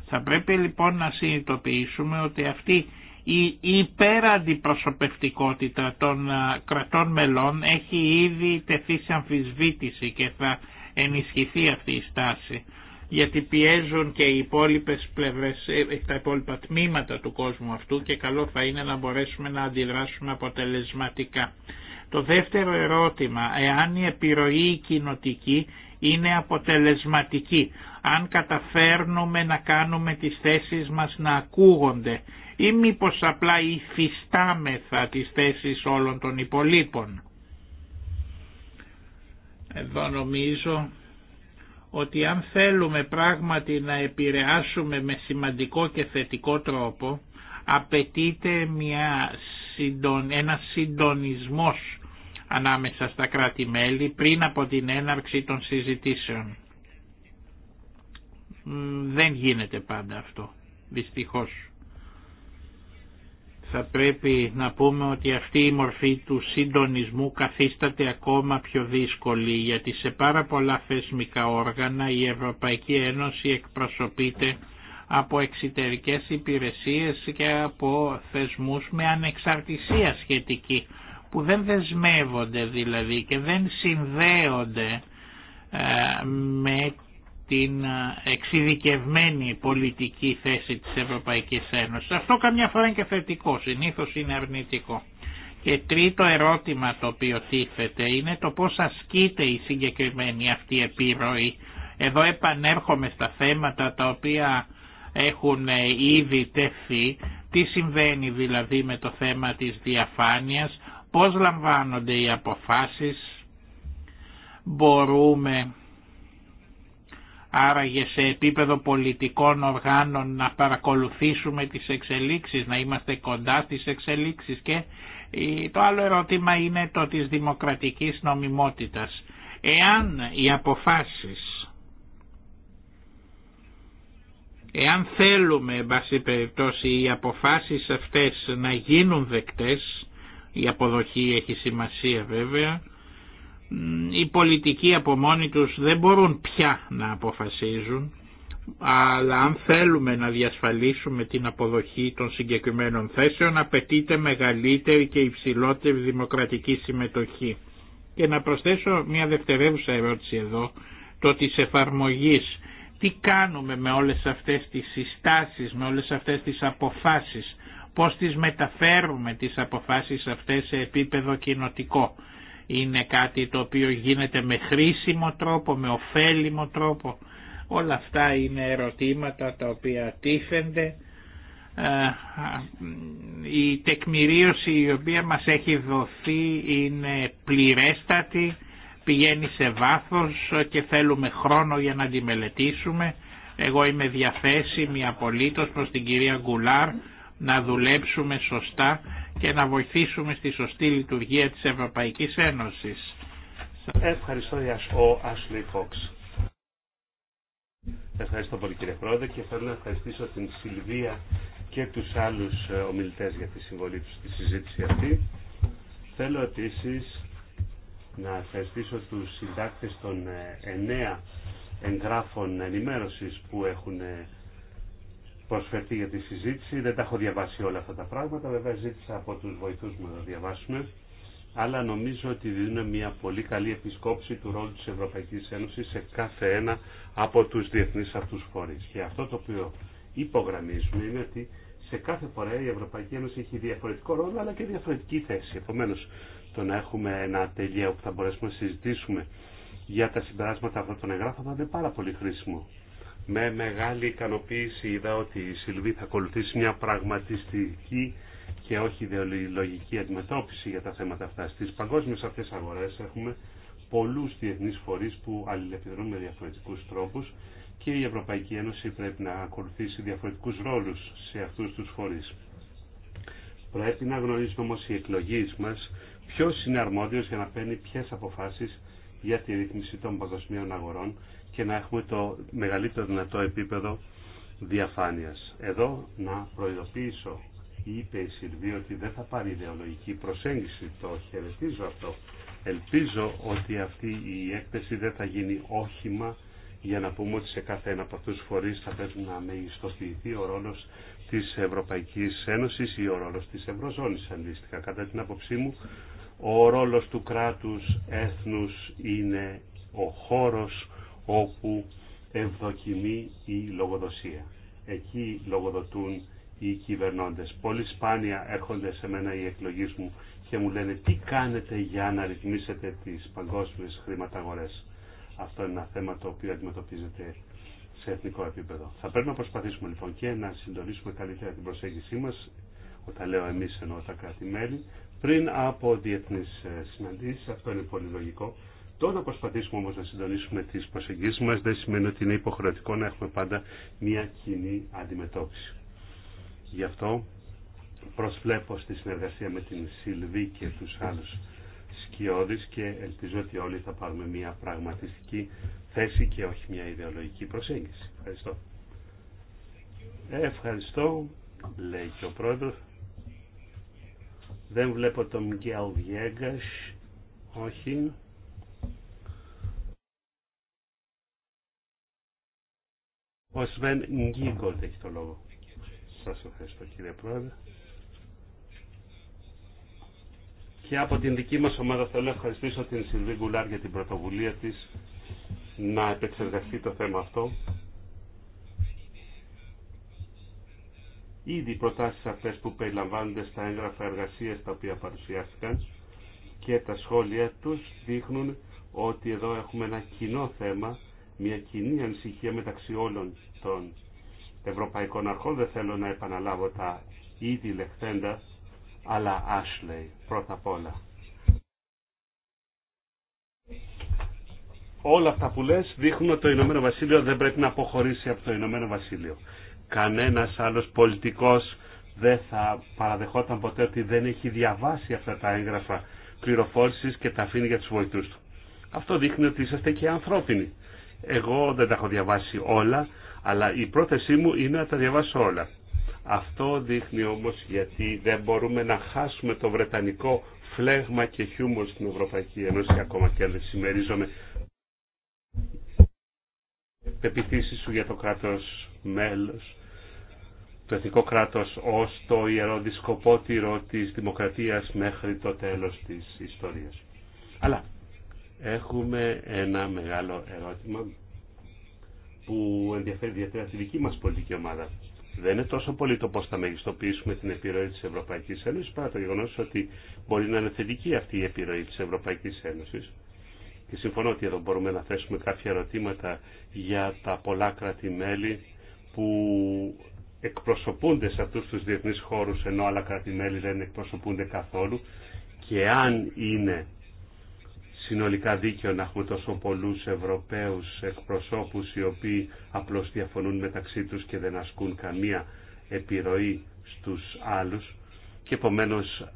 Θα πρέπει λοιπόν να συνειδητοποιήσουμε ότι αυτή η υπεραντιπροσωπευτικότητα των κρατών μελών έχει ήδη τεθεί σε αμφισβήτηση και θα ενισχυθεί αυτή η στάση γιατί πιέζουν και οι υπόλοιπες πλευρές, ε, ε, τα υπόλοιπα τμήματα του κόσμου αυτού και καλό θα είναι να μπορέσουμε να αντιδράσουμε αποτελεσματικά. Το δεύτερο ερώτημα, εάν η επιρροή κοινοτική είναι αποτελεσματική, αν καταφέρνουμε να κάνουμε τις θέσεις μας να ακούγονται ή μήπω απλά υφιστάμεθα τις θέσεις όλων των υπολείπων. Εδώ νομίζω ότι αν θέλουμε πράγματι να επηρεάσουμε με σημαντικό και θετικό τρόπο απαιτείται μια, ένα συντονισμός ανάμεσα στα κράτη-μέλη πριν από την έναρξη των συζητήσεων. Δεν γίνεται πάντα αυτό, δυστυχώς θα πρέπει να πούμε ότι αυτή η μορφή του συντονισμού καθίσταται ακόμα πιο δύσκολη γιατί σε πάρα πολλά θεσμικά όργανα η Ευρωπαϊκή Ένωση εκπροσωπείται από εξωτερικές υπηρεσίες και από θεσμούς με ανεξαρτησία σχετική που δεν δεσμεύονται δηλαδή και δεν συνδέονται ε, με την ε, εξειδικευμένη πολιτική θέση της Ευρωπαϊκής Ένωσης. Αυτό καμιά φορά είναι και θετικό, συνήθως είναι αρνητικό. Και τρίτο ερώτημα το οποίο τίθεται είναι το πώς ασκείται η συγκεκριμένη αυτή επίρροη. Εδώ επανέρχομαι στα θέματα τα οποία έχουν ε, ήδη τεθεί. Τι συμβαίνει δηλαδή με το θέμα της διαφάνειας, πώς λαμβάνονται οι αποφάσεις, μπορούμε άραγε σε επίπεδο πολιτικών οργάνων να παρακολουθήσουμε τις εξελίξεις, να είμαστε κοντά στις εξελίξεις και ε, το άλλο ερώτημα είναι το της δημοκρατικής νομιμότητας. Εάν οι αποφάσεις, εάν θέλουμε εν πάση περιπτώσει οι αποφάσεις αυτές να γίνουν δεκτές, η αποδοχή έχει σημασία βέβαια, οι πολιτικοί από μόνοι τους δεν μπορούν πια να αποφασίζουν, αλλά αν θέλουμε να διασφαλίσουμε την αποδοχή των συγκεκριμένων θέσεων απαιτείται μεγαλύτερη και υψηλότερη δημοκρατική συμμετοχή. Και να προσθέσω μια δευτερεύουσα ερώτηση εδώ, το της εφαρμογής. Τι κάνουμε με όλες αυτές τις συστάσεις, με όλες αυτές τις αποφάσεις, πώς τις μεταφέρουμε τις αποφάσεις αυτές σε επίπεδο κοινοτικό είναι κάτι το οποίο γίνεται με χρήσιμο τρόπο, με ωφέλιμο τρόπο. Όλα αυτά είναι ερωτήματα τα οποία τίθενται. Ε, η τεκμηρίωση η οποία μας έχει δοθεί είναι πληρέστατη, πηγαίνει σε βάθος και θέλουμε χρόνο για να τη μελετήσουμε. Εγώ είμαι διαθέσιμη απολύτως προς την κυρία Γκουλάρ να δουλέψουμε σωστά και να βοηθήσουμε στη σωστή λειτουργία της Ευρωπαϊκής Ένωσης. Ευχαριστώ ο Ashley Fox. Ευχαριστώ πολύ κύριε Πρόεδρε και θέλω να ευχαριστήσω την Σιλβία και τους άλλους ε, ομιλητές για τη συμβολή τους στη συζήτηση αυτή. Θέλω επίση να ευχαριστήσω τους συντάκτες των ε, εννέα εγγράφων ενημέρωσης που έχουν ε, προσφερθεί για τη συζήτηση. Δεν τα έχω διαβάσει όλα αυτά τα πράγματα. Βέβαια ζήτησα από τους βοηθούς μου να τα διαβάσουμε, Αλλά νομίζω ότι δίνουν μια πολύ καλή επισκόψη του ρόλου της Ευρωπαϊκής Ένωσης σε κάθε ένα από τους διεθνείς αυτούς φορείς. Και αυτό το οποίο υπογραμμίζουμε είναι ότι σε κάθε φορά η Ευρωπαϊκή Ένωση έχει διαφορετικό ρόλο αλλά και διαφορετική θέση. Επομένω, το να έχουμε ένα τελείο που θα μπορέσουμε να συζητήσουμε για τα συμπεράσματα αυτών των εγγράφων θα είναι πάρα πολύ χρήσιμο. Με μεγάλη ικανοποίηση είδα ότι η Σιλβή θα ακολουθήσει μια πραγματιστική και όχι ιδεολογική αντιμετώπιση για τα θέματα αυτά. Στις παγκόσμιες αυτές αγορές έχουμε πολλούς διεθνείς φορείς που αλληλεπιδρούν με διαφορετικούς τρόπους και η Ευρωπαϊκή Ένωση πρέπει να ακολουθήσει διαφορετικούς ρόλους σε αυτούς τους φορείς. Πρέπει να γνωρίζουμε όμως οι εκλογείς μας ποιος είναι αρμόδιος για να παίρνει ποιες αποφάσεις για τη ρύθμιση των παγκοσμίων αγορών και να έχουμε το μεγαλύτερο δυνατό επίπεδο διαφάνειας. Εδώ να προειδοποιήσω είπε η Σιλβία ότι δεν θα πάρει ιδεολογική προσέγγιση. Το χαιρετίζω αυτό. Ελπίζω ότι αυτή η έκθεση δεν θα γίνει όχημα για να πούμε ότι σε κάθε ένα από αυτούς τους φορείς θα πρέπει να μεγιστοποιηθεί ο ρόλος της Ευρωπαϊκής Ένωσης ή ο ρόλος της Ευρωζώνης αντίστοιχα. Κατά την άποψή μου, ο ρόλος του κράτους, έθνους είναι ο χώρος όπου ευδοκιμεί η λογοδοσία. Εκεί λογοδοτούν οι κυβερνώντες. Πολύ σπάνια έρχονται σε μένα οι εκλογείς μου και μου λένε τι κάνετε για να ρυθμίσετε τις παγκόσμιες χρηματαγορές. Αυτό είναι ένα θέμα το οποίο αντιμετωπίζεται σε εθνικό επίπεδο. Θα πρέπει να προσπαθήσουμε λοιπόν και να συντονίσουμε καλύτερα την προσέγγιση μας, όταν λέω εμείς εννοώ τα κράτη-μέλη, πριν από διεθνείς ε, συναντήσεις, αυτό είναι πολύ λογικό, το να προσπαθήσουμε όμως να συντονίσουμε τις προσεγγίσεις μας δεν σημαίνει ότι είναι υποχρεωτικό να έχουμε πάντα μια κοινή αντιμετώπιση. Γι' αυτό προσβλέπω στη συνεργασία με την Σιλβή και τους άλλους σκιώδεις και ελπίζω ότι όλοι θα πάρουμε μια πραγματιστική θέση και όχι μια ιδεολογική προσέγγιση. Ευχαριστώ. Ε, ευχαριστώ, λέει και ο πρόεδρος. Δεν βλέπω τον Γκέλ Όχι. Ο Σβέν Γκίγκολτ έχει το λόγο. Σας ευχαριστώ κύριε Πρόεδρε. Και από την δική μας ομάδα θέλω να ευχαριστήσω την Σιλβί Γκουλάρ για την πρωτοβουλία της να επεξεργαστεί το θέμα αυτό. Ήδη οι προτάσεις αυτές που περιλαμβάνονται στα έγγραφα εργασίας τα οποία παρουσιάστηκαν και τα σχόλια τους δείχνουν ότι εδώ έχουμε ένα κοινό θέμα μια κοινή ανησυχία μεταξύ όλων των ευρωπαϊκών αρχών. Δεν θέλω να επαναλάβω τα ήδη λεχθέντα, αλλά Ashley πρώτα απ' όλα. Όλα αυτά που λες δείχνουν ότι το Ηνωμένο Βασίλειο δεν πρέπει να αποχωρήσει από το Ηνωμένο Βασίλειο. Κανένας άλλος πολιτικός δεν θα παραδεχόταν ποτέ ότι δεν έχει διαβάσει αυτά τα έγγραφα πληροφόρηση και τα αφήνει για τους βοηθούς του. Αυτό δείχνει ότι είσαστε και ανθρώπινοι. Εγώ δεν τα έχω διαβάσει όλα, αλλά η πρόθεσή μου είναι να τα διαβάσω όλα. Αυτό δείχνει όμως γιατί δεν μπορούμε να χάσουμε το βρετανικό φλέγμα και χιούμορ στην Ευρωπαϊκή Ένωση ακόμα και αν δεν συμμερίζομαι σου για το κράτος μέλος το εθνικό κράτος ως το ιερό δισκοπότηρο της δημοκρατίας μέχρι το τέλος της ιστορίας. Αλλά έχουμε ένα μεγάλο ερώτημα που ενδιαφέρει ιδιαίτερα τη δική μας πολιτική ομάδα. Δεν είναι τόσο πολύ το πώς θα μεγιστοποιήσουμε την επιρροή της Ευρωπαϊκής Ένωσης παρά το γεγονός ότι μπορεί να είναι θετική αυτή η επιρροή της Ευρωπαϊκής Ένωσης. Και συμφωνώ ότι εδώ μπορούμε να θέσουμε κάποια ερωτήματα για τα πολλά κράτη-μέλη που εκπροσωπούνται σε αυτούς τους διεθνείς χώρους ενώ άλλα κράτη-μέλη δεν εκπροσωπούνται καθόλου και αν είναι συνολικά δίκαιο να έχουμε τόσο πολλούς Ευρωπαίους εκπροσώπους οι οποίοι απλώς διαφωνούν μεταξύ τους και δεν ασκούν καμία επιρροή στους άλλους και επομένως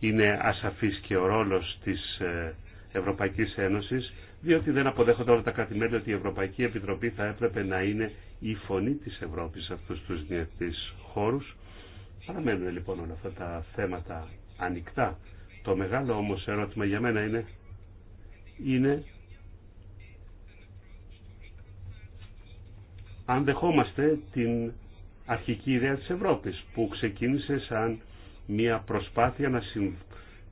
είναι ασαφής και ο ρόλος της ε, Ευρωπαϊκής Ένωσης διότι δεν αποδέχονται όλα τα κρατη ότι η Ευρωπαϊκή Επιτροπή θα έπρεπε να είναι η φωνή της Ευρώπης σε αυτούς τους διεθνείς χώρους. Παραμένουν λοιπόν όλα αυτά τα θέματα ανοιχτά. Το μεγάλο όμως ερώτημα για μένα είναι είναι αν δεχόμαστε την αρχική ιδέα της Ευρώπης που ξεκίνησε σαν μια προσπάθεια να,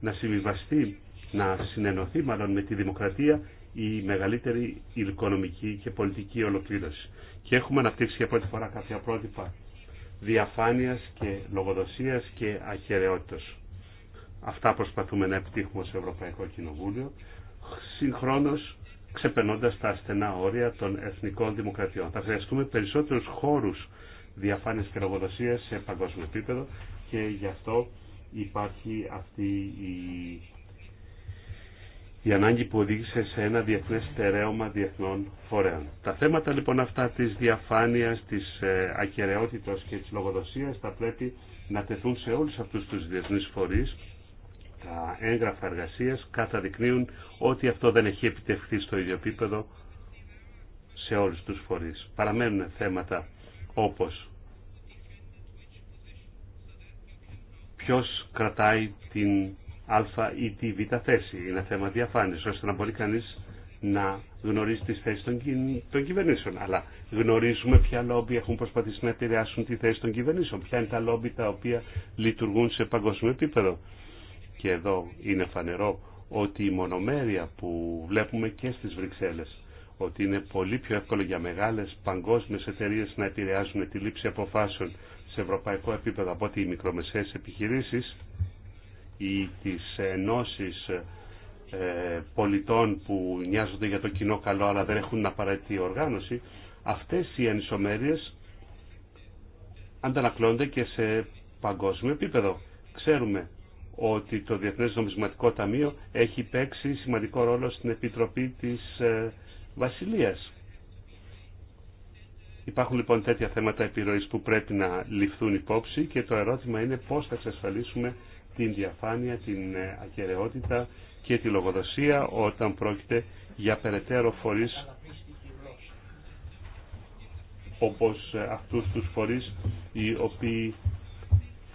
να συμβιβαστεί, να συνενωθεί μάλλον με τη δημοκρατία η μεγαλύτερη οικονομική και πολιτική ολοκλήρωση. Και έχουμε αναπτύξει για πρώτη φορά κάποια πρότυπα διαφάνειας και λογοδοσίας και αχαιρεότητας. Αυτά προσπαθούμε να επιτύχουμε ως Ευρωπαϊκό Κοινοβούλιο συγχρόνως ξεπερνώντας τα στενά όρια των εθνικών δημοκρατιών. Θα χρειαστούμε περισσότερους χώρους διαφάνειας και λογοδοσίας σε παγκόσμιο επίπεδο και γι' αυτό υπάρχει αυτή η, ανάγκη που οδήγησε σε ένα διεθνές στερέωμα διεθνών φορέων. Τα θέματα λοιπόν αυτά της διαφάνειας, της ε, και της λογοδοσίας θα πρέπει να τεθούν σε όλους αυτούς τους διεθνείς φορείς τα έγγραφα εργασίας καταδεικνύουν ότι αυτό δεν έχει επιτευχθεί στο ίδιο επίπεδο σε όλους τους φορείς. Παραμένουν θέματα όπως ποιος κρατάει την α ή τη β θέση. Είναι θέμα διαφάνειας, ώστε να μπορεί κανείς να γνωρίζει τις θέσεις των, κυ... κυβερνήσεων. Αλλά γνωρίζουμε ποια λόμπι έχουν προσπαθήσει να επηρεάσουν τη θέση των κυβερνήσεων. Ποια είναι τα λόμπι τα οποία λειτουργούν σε παγκόσμιο επίπεδο και εδώ είναι φανερό ότι η μονομέρεια που βλέπουμε και στις Βρυξέλλες ότι είναι πολύ πιο εύκολο για μεγάλες παγκόσμιες εταιρείες να επηρεάζουν τη λήψη αποφάσεων σε ευρωπαϊκό επίπεδο από ότι οι μικρομεσαίες επιχειρήσεις ή τις ενώσεις ε, πολιτών που νοιάζονται για το κοινό καλό αλλά δεν έχουν απαραίτητη οργάνωση, αυτές οι ανισομέρειες αντανακλώνται και σε παγκόσμιο επίπεδο. Ξέρουμε ότι το Διεθνές Νομισματικό Ταμείο έχει παίξει σημαντικό ρόλο στην Επιτροπή της ε, Βασιλείας. Υπάρχουν λοιπόν τέτοια θέματα επιρροής που πρέπει να ληφθούν υπόψη και το ερώτημα είναι πώς θα εξασφαλίσουμε την διαφάνεια, την ε, ακεραιότητα και τη λογοδοσία όταν πρόκειται για περαιτέρω φορείς όπως ε, αυτούς τους φορείς οι οποίοι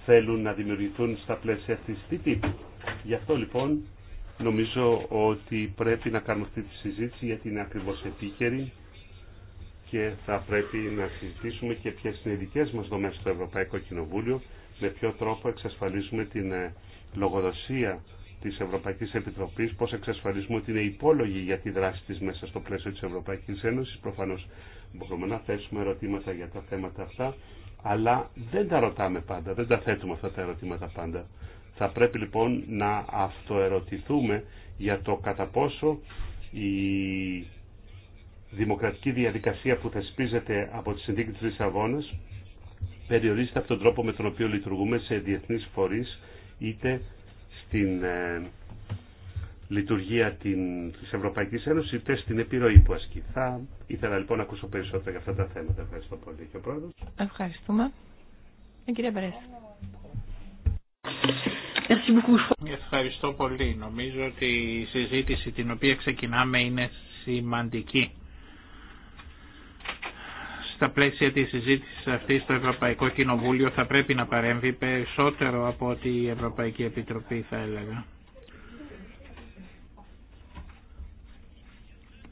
θέλουν να δημιουργηθούν στα πλαίσια αυτή τη TTIP. Γι' αυτό λοιπόν νομίζω ότι πρέπει να κάνουμε αυτή τη συζήτηση γιατί είναι ακριβώς επίκαιρη και θα πρέπει να συζητήσουμε και ποιε είναι οι δικέ μα δομέ στο Ευρωπαϊκό Κοινοβούλιο, με ποιο τρόπο εξασφαλίζουμε την ε, λογοδοσία τη Ευρωπαϊκή Επιτροπή, πώ εξασφαλίζουμε ότι είναι υπόλογοι για τη δράση τη μέσα στο πλαίσιο τη Ευρωπαϊκή Ένωση. Προφανώ μπορούμε να θέσουμε ερωτήματα για τα θέματα αυτά, αλλά δεν τα ρωτάμε πάντα, δεν τα θέτουμε αυτά τα ερωτήματα πάντα. Θα πρέπει λοιπόν να αυτοερωτηθούμε για το κατά πόσο η δημοκρατική διαδικασία που θεσπίζεται από τη συνθήκη της Λισαβόνας περιορίζεται από τον τρόπο με τον οποίο λειτουργούμε σε διεθνείς φορείς είτε στην ε, λειτουργία την, της Ευρωπαϊκής Ένωσης, είτε στην επιρροή που ασκεί. Θα ήθελα λοιπόν να ακούσω περισσότερα για αυτά τα θέματα. Ευχαριστώ πολύ και ο Πρόεδρος. Ευχαριστούμε. Ε, κύριε Μπερές. Ευχαριστώ πολύ. Νομίζω ότι η συζήτηση την οποία ξεκινάμε είναι σημαντική. Στα πλαίσια της συζήτησης αυτή στο Ευρωπαϊκό Κοινοβούλιο θα πρέπει να παρέμβει περισσότερο από ότι η Ευρωπαϊκή Επιτροπή θα έλεγα.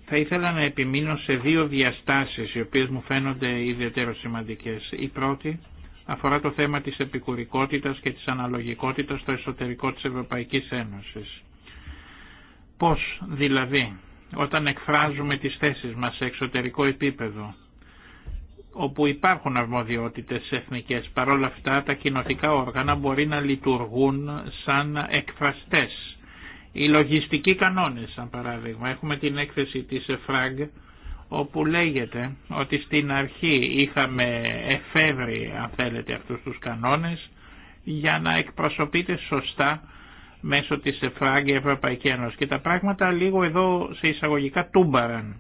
Θα ήθελα να επιμείνω σε δύο διαστάσεις οι οποίες μου φαίνονται ιδιαίτερα σημαντικές. Η πρώτη αφορά το θέμα της επικουρικότητας και της αναλογικότητας στο εσωτερικό της Ευρωπαϊκής Ένωσης. Πώς δηλαδή όταν εκφράζουμε τις θέσεις μας σε εξωτερικό επίπεδο όπου υπάρχουν αρμοδιότητες εθνικές παρόλα αυτά τα κοινοτικά όργανα μπορεί να λειτουργούν σαν εκφραστές οι λογιστικοί κανόνες, σαν παράδειγμα. Έχουμε την έκθεση της ΕΦΡΑΓ, όπου λέγεται ότι στην αρχή είχαμε εφεύρει, αν θέλετε, αυτούς τους κανόνες, για να εκπροσωπείται σωστά μέσω της ΕΦΡΑΓ Ευρωπαϊκή Ένωση. Και τα πράγματα λίγο εδώ σε εισαγωγικά τούμπαραν.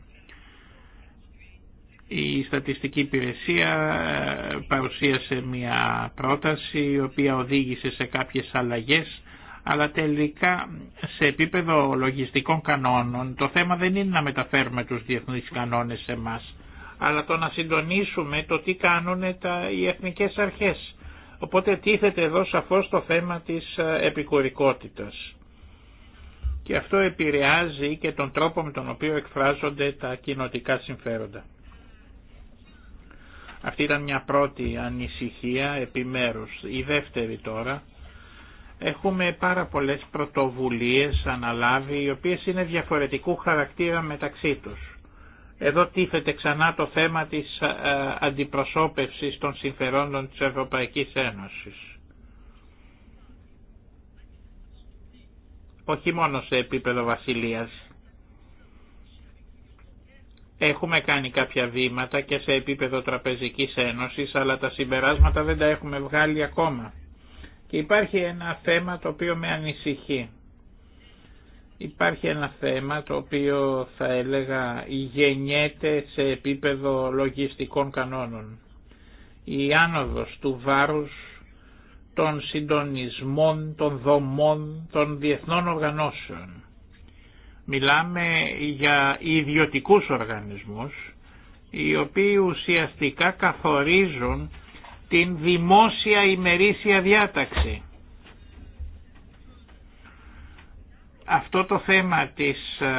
Η Στατιστική Υπηρεσία ε, παρουσίασε μια πρόταση η οποία οδήγησε σε κάποιες αλλαγές αλλά τελικά σε επίπεδο λογιστικών κανόνων το θέμα δεν είναι να μεταφέρουμε τους διεθνείς κανόνες σε μας, αλλά το να συντονίσουμε το τι κάνουν τα, οι εθνικές αρχές. Οπότε τίθεται εδώ σαφώς το θέμα της ε, επικουρικότητας. Και αυτό επηρεάζει και τον τρόπο με τον οποίο εκφράζονται τα κοινοτικά συμφέροντα. Αυτή ήταν μια πρώτη ανησυχία επιμέρους. Η δεύτερη τώρα Έχουμε πάρα πολλές πρωτοβουλίες αναλάβει οι οποίες είναι διαφορετικού χαρακτήρα μεταξύ τους. Εδώ τίθεται ξανά το θέμα της ε, αντιπροσώπευσης των συμφερόντων της Ευρωπαϊκής Ένωσης. Όχι μόνο σε επίπεδο βασιλείας. Έχουμε κάνει κάποια βήματα και σε επίπεδο τραπεζικής ένωσης, αλλά τα συμπεράσματα δεν τα έχουμε βγάλει ακόμα. Και υπάρχει ένα θέμα το οποίο με ανησυχεί. Υπάρχει ένα θέμα το οποίο θα έλεγα γεννιέται σε επίπεδο λογιστικών κανόνων. Η άνοδος του βάρους των συντονισμών, των δομών, των διεθνών οργανώσεων. Μιλάμε για ιδιωτικούς οργανισμούς οι οποίοι ουσιαστικά καθορίζουν την δημόσια ημερήσια διάταξη. Αυτό το θέμα της, ε,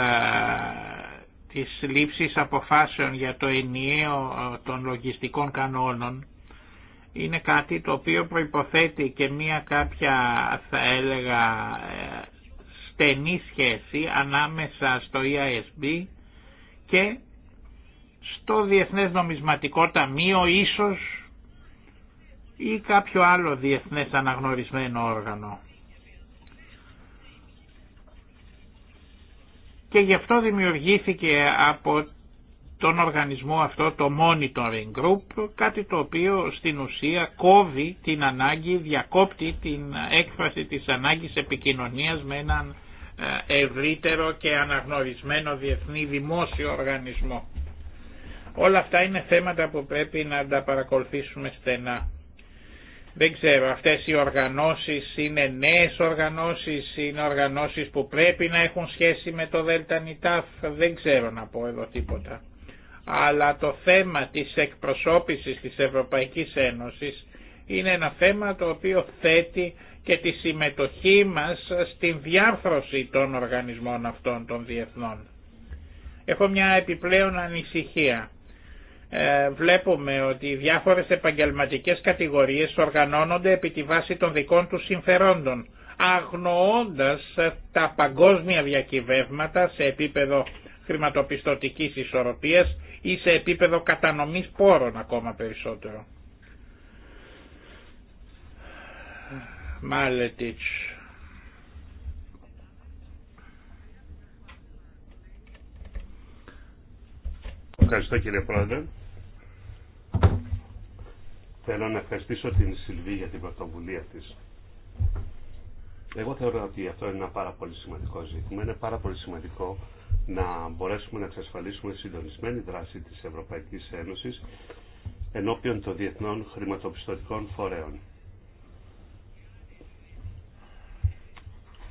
της λήψης αποφάσεων για το ενιαίο ε, των λογιστικών κανόνων είναι κάτι το οποίο προϋποθέτει και μία κάποια θα έλεγα ε, στενή σχέση ανάμεσα στο EISB και στο Διεθνές Νομισματικό Ταμείο ίσως ή κάποιο άλλο διεθνές αναγνωρισμένο όργανο. Και γι' αυτό δημιουργήθηκε από τον οργανισμό αυτό το Monitoring Group, κάτι το οποίο στην ουσία κόβει την ανάγκη, διακόπτει την έκφραση της ανάγκης επικοινωνίας με έναν ε, ευρύτερο και αναγνωρισμένο διεθνή δημόσιο οργανισμό. Όλα αυτά είναι θέματα που πρέπει να τα παρακολουθήσουμε στενά. Δεν ξέρω, αυτές οι οργανώσεις είναι νέες οργανώσεις, είναι οργανώσεις που πρέπει να έχουν σχέση με το ΔΕΛΤΑΝΙΤΑΦ, δεν ξέρω να πω εδώ τίποτα. Αλλά το θέμα της εκπροσώπησης της Ευρωπαϊκής Ένωσης είναι ένα θέμα το οποίο θέτει και τη συμμετοχή μας στην διάρθρωση των οργανισμών αυτών των διεθνών. Έχω μια επιπλέον ανησυχία ε, βλέπουμε ότι οι διάφορες επαγγελματικές κατηγορίες οργανώνονται επί τη βάση των δικών τους συμφερόντων, αγνοώντας ε, τα παγκόσμια διακυβεύματα σε επίπεδο χρηματοπιστωτικής ισορροπίας ή σε επίπεδο κατανομής πόρων ακόμα περισσότερο. Μάλετιτς Ευχαριστώ κύριε Πρόεδρε. Θέλω να ευχαριστήσω την Σιλβή για την πρωτοβουλία της. Εγώ θεωρώ ότι αυτό είναι ένα πάρα πολύ σημαντικό ζήτημα. Είναι πάρα πολύ σημαντικό να μπορέσουμε να εξασφαλίσουμε συντονισμένη δράση της Ευρωπαϊκής Ένωσης ενώπιον των διεθνών χρηματοπιστωτικών φορέων.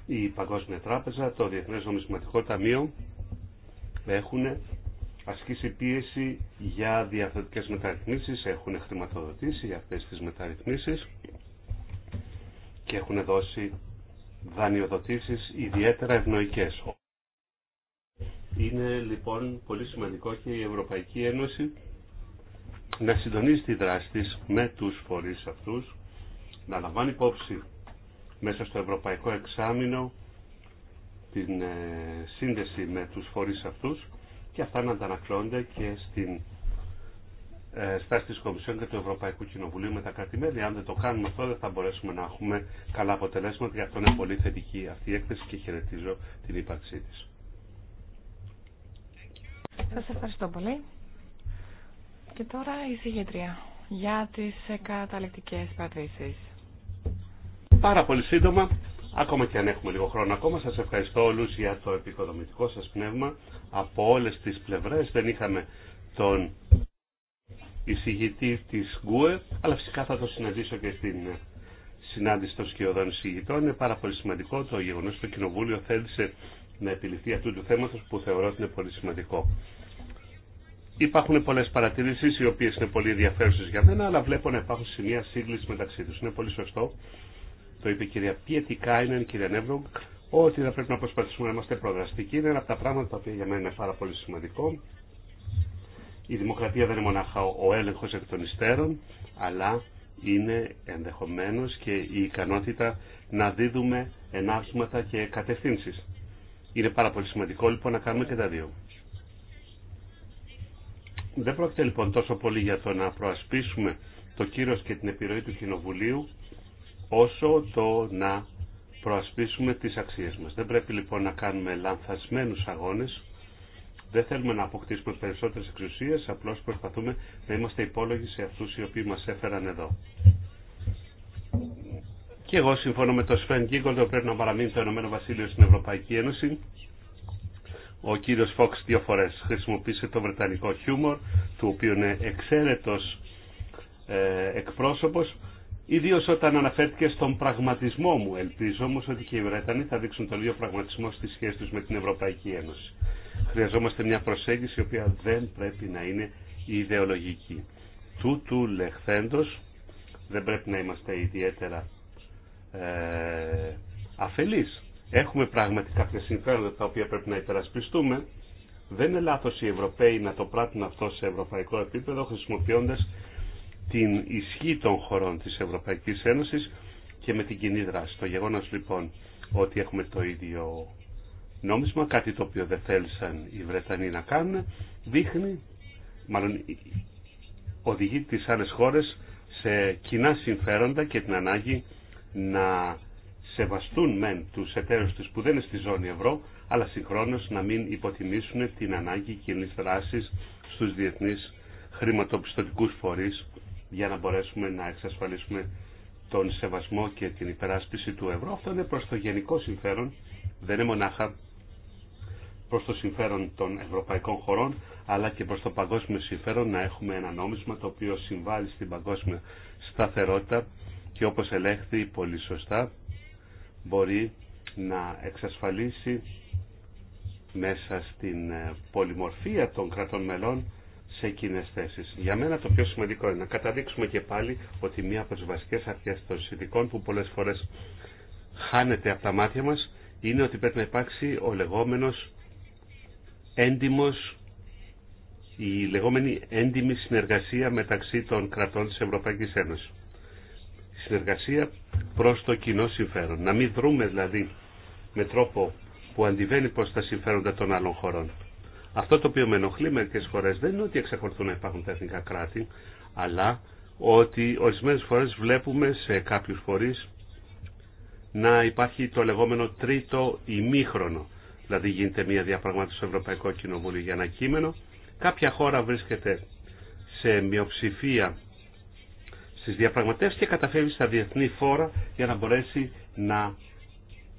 Η Παγκόσμια Τράπεζα, το Διεθνές Νομισματικό Ταμείο έχουν ασκήσει πίεση για διαθετικές μεταρρυθμίσεις, έχουν χρηματοδοτήσει αυτές τις μεταρρυθμίσεις και έχουν δώσει δανειοδοτήσεις ιδιαίτερα ευνοϊκές. Είναι λοιπόν πολύ σημαντικό και η Ευρωπαϊκή Ένωση να συντονίζει τη δράση της με τους φορείς αυτούς, να λαμβάνει υπόψη μέσα στο Ευρωπαϊκό Εξάμεινο την ε, σύνδεση με τους φορείς αυτούς και αυτά να αντανακλώνται και στην ε, στάση της Κομισιόν και του Ευρωπαϊκού Κοινοβουλίου με τα κρατημέλη. Αν δεν το κάνουμε αυτό δεν θα μπορέσουμε να έχουμε καλά αποτελέσματα και αυτό είναι πολύ θετική αυτή η έκθεση και χαιρετίζω την ύπαρξή της. Σας ευχαριστώ πολύ. Και τώρα η συγγετρία για τις καταληκτικές παρατηρήσεις. Πάρα πολύ σύντομα Ακόμα και αν έχουμε λίγο χρόνο ακόμα, σας ευχαριστώ όλους για το επικοδομητικό σας πνεύμα από όλες τις πλευρές. Δεν είχαμε τον εισηγητή της ΓΚΟΕ, αλλά φυσικά θα το συναντήσω και στην συνάντηση των σκιωδών εισηγητών. Είναι πάρα πολύ σημαντικό το γεγονός ότι το Κοινοβούλιο θέλησε να επιληφθεί αυτού του θέματος που θεωρώ ότι είναι πολύ σημαντικό. Υπάρχουν πολλέ παρατηρήσει οι οποίε είναι πολύ ενδιαφέρουσε για μένα, αλλά βλέπω να υπάρχουν σημεία σύγκληση μεταξύ του. Είναι πολύ σωστό το είπε η κυρία Πιετικάινεν, η κυρία Νεύρογκ, ότι θα πρέπει να προσπαθήσουμε να είμαστε προδραστικοί. Είναι ένα από τα πράγματα τα οποία για μένα είναι πάρα πολύ σημαντικό. Η δημοκρατία δεν είναι μονάχα ο έλεγχος εκ των υστέρων, αλλά είναι ενδεχομένως και η ικανότητα να δίδουμε ενάρχηματα και κατευθύνσεις. Είναι πάρα πολύ σημαντικό λοιπόν να κάνουμε και τα δύο. Δεν πρόκειται λοιπόν τόσο πολύ για το να προασπίσουμε το κύρος και την επιρροή του Κοινοβουλίου, όσο το να προασπίσουμε τις αξίες μας. Δεν πρέπει λοιπόν να κάνουμε λανθασμένους αγώνες. Δεν θέλουμε να αποκτήσουμε περισσότερες εξουσίες, απλώς προσπαθούμε να είμαστε υπόλογοι σε αυτούς οι οποίοι μας έφεραν εδώ. Και εγώ συμφωνώ με τον Σφεν Γκίγκολ, ότι πρέπει να παραμείνει το Ηνωμένο Βασίλειο στην Ευρωπαϊκή Ένωση. Ο κύριος Φόξ δύο φορές χρησιμοποίησε το βρετανικό χιούμορ, του οποίου είναι εξαίρετος ε, εκπρόσωπος. Ιδίω όταν αναφέρθηκε στον πραγματισμό μου. Ελπίζω όμω ότι και οι Βρετανοί θα δείξουν τον ίδιο πραγματισμό στη σχέση του με την Ευρωπαϊκή Ένωση. Χρειαζόμαστε μια προσέγγιση η οποία δεν πρέπει να είναι ιδεολογική. Τούτου λεχθέντο δεν πρέπει να είμαστε ιδιαίτερα ε, αφελεί. Έχουμε πράγματι κάποια συμφέροντα τα οποία πρέπει να υπερασπιστούμε. Δεν είναι λάθο οι Ευρωπαίοι να το πράττουν αυτό σε ευρωπαϊκό επίπεδο χρησιμοποιώντα την ισχύ των χωρών της Ευρωπαϊκής Ένωσης και με την κοινή δράση. Το γεγονός λοιπόν ότι έχουμε το ίδιο νόμισμα, κάτι το οποίο δεν θέλησαν οι Βρετανοί να κάνουν, δείχνει, μάλλον οδηγεί τις άλλες χώρες σε κοινά συμφέροντα και την ανάγκη να σεβαστούν μεν τους εταίρους τους που δεν είναι στη ζώνη ευρώ, αλλά συγχρόνως να μην υποτιμήσουν την ανάγκη κοινής δράση στους διεθνείς χρηματοπιστωτικούς φορείς για να μπορέσουμε να εξασφαλίσουμε τον σεβασμό και την υπεράσπιση του ευρώ. Αυτό είναι προς το γενικό συμφέρον, δεν είναι μονάχα προς το συμφέρον των ευρωπαϊκών χωρών, αλλά και προς το παγκόσμιο συμφέρον να έχουμε ένα νόμισμα το οποίο συμβάλλει στην παγκόσμια σταθερότητα και όπως ελέγχθη πολύ σωστά μπορεί να εξασφαλίσει μέσα στην ε, πολυμορφία των κρατών μελών σε κοινέ θέσει. Για μένα το πιο σημαντικό είναι να καταδείξουμε και πάλι ότι μία από τι βασικέ αρχέ των συνδικών που πολλέ φορέ χάνεται από τα μάτια μα είναι ότι πρέπει να υπάρξει ο λεγόμενο έντιμο η λεγόμενη έντιμη συνεργασία μεταξύ των κρατών της Ευρωπαϊκής Ένωσης. Συνεργασία προς το κοινό συμφέρον. Να μην δρούμε δηλαδή με τρόπο που αντιβαίνει προς τα συμφέροντα των άλλων χωρών. Αυτό το οποίο με ενοχλεί μερικέ φορέ δεν είναι ότι εξακολουθούν να υπάρχουν τα εθνικά κράτη, αλλά ότι ορισμένε φορέ βλέπουμε σε κάποιου φορεί να υπάρχει το λεγόμενο τρίτο ημίχρονο. Δηλαδή γίνεται μια διαπραγμάτευση στο Ευρωπαϊκό Κοινοβούλιο για ένα κείμενο. Κάποια χώρα βρίσκεται σε μειοψηφία στι διαπραγματεύσει και καταφεύγει στα διεθνή φόρα για να μπορέσει να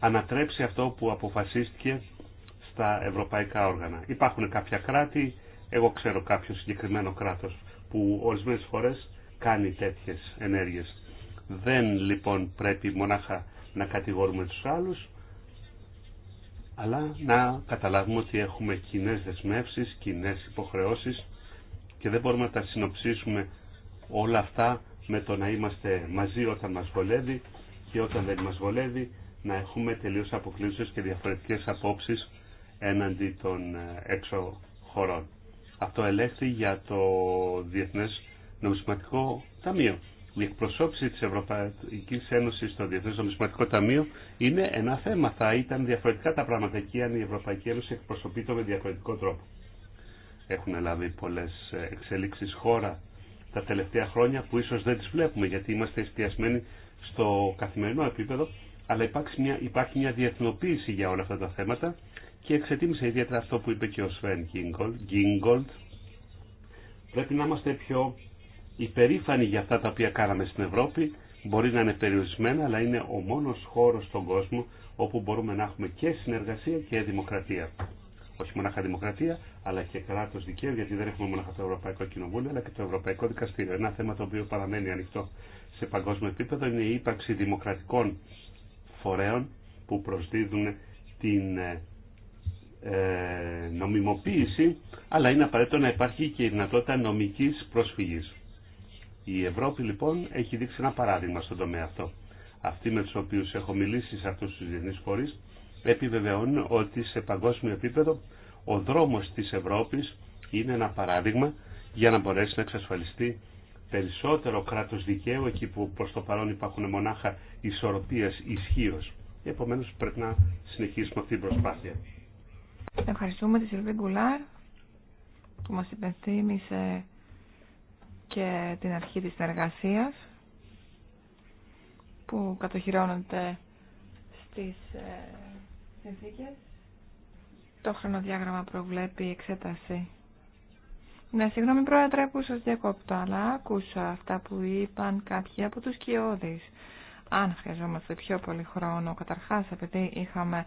ανατρέψει αυτό που αποφασίστηκε στα ευρωπαϊκά όργανα. Υπάρχουν κάποια κράτη, εγώ ξέρω κάποιο συγκεκριμένο κράτος που ορισμένες φορές κάνει τέτοιες ενέργειες. Δεν λοιπόν πρέπει μονάχα να κατηγορούμε τους άλλους, αλλά να καταλάβουμε ότι έχουμε κοινέ δεσμεύσεις, κοινέ υποχρεώσεις και δεν μπορούμε να τα συνοψίσουμε όλα αυτά με το να είμαστε μαζί όταν μας βολεύει και όταν δεν μας βολεύει να έχουμε τελείως αποκλήσεις και διαφορετικές απόψεις έναντι των ε, έξω χωρών. Αυτό ελέγχθη για το Διεθνές Νομισματικό Ταμείο. Η εκπροσώπηση της Ευρωπαϊκής Ένωσης στο Διεθνές Νομισματικό Ταμείο είναι ένα θέμα. Θα ήταν διαφορετικά τα πράγματα εκεί αν η Ευρωπαϊκή Ένωση εκπροσωπείται με διαφορετικό τρόπο. Έχουν λάβει πολλές ε, εξελίξεις χώρα τα τελευταία χρόνια που ίσως δεν τις βλέπουμε γιατί είμαστε εστιασμένοι στο καθημερινό επίπεδο αλλά υπάρχει μια, υπάρχει μια διεθνοποίηση για όλα αυτά τα θέματα και εξετίμησε ιδιαίτερα αυτό που είπε και ο Σβέν Γκίνγκολτ. Πρέπει να είμαστε πιο υπερήφανοι για αυτά τα οποία κάναμε στην Ευρώπη. Μπορεί να είναι περιορισμένα, αλλά είναι ο μόνος χώρος στον κόσμο όπου μπορούμε να έχουμε και συνεργασία και δημοκρατία. Όχι μονάχα δημοκρατία, αλλά και κράτο δικαίου, γιατί δεν έχουμε μόνο το Ευρωπαϊκό Κοινοβούλιο, αλλά και το Ευρωπαϊκό Δικαστήριο. Ένα θέμα το οποίο παραμένει ανοιχτό σε παγκόσμιο επίπεδο είναι η ύπαρξη δημοκρατικών φορέων που προσδίδουν την ε, ε, νομιμοποίηση, αλλά είναι απαραίτητο να υπάρχει και η δυνατότητα νομικής προσφυγής. Η Ευρώπη λοιπόν έχει δείξει ένα παράδειγμα στον τομέα αυτό. Αυτοί με τους οποίους έχω μιλήσει σε αυτούς τους διεθνείς φορείς επιβεβαιώνουν ότι σε παγκόσμιο επίπεδο ο δρόμος της Ευρώπης είναι ένα παράδειγμα για να μπορέσει να εξασφαλιστεί περισσότερο κράτο δικαίου εκεί που προς το παρόν υπάρχουν μονάχα ισορροπίες ισχύω. επομένω πρέπει να συνεχίσουμε αυτή την προσπάθεια. Ευχαριστούμε τη Σιλβί Γκουλάρ που μας υπενθύμησε και την αρχή της συνεργασίας που κατοχυρώνονται στις ε, συνθήκες. Το χρονοδιάγραμμα προβλέπει εξέταση. Ναι, συγγνώμη πρόεδρε που σας διακόπτω, αλλά άκουσα αυτά που είπαν κάποιοι από τους κοιόδης. Αν χρειαζόμαστε πιο πολύ χρόνο, καταρχάς επειδή είχαμε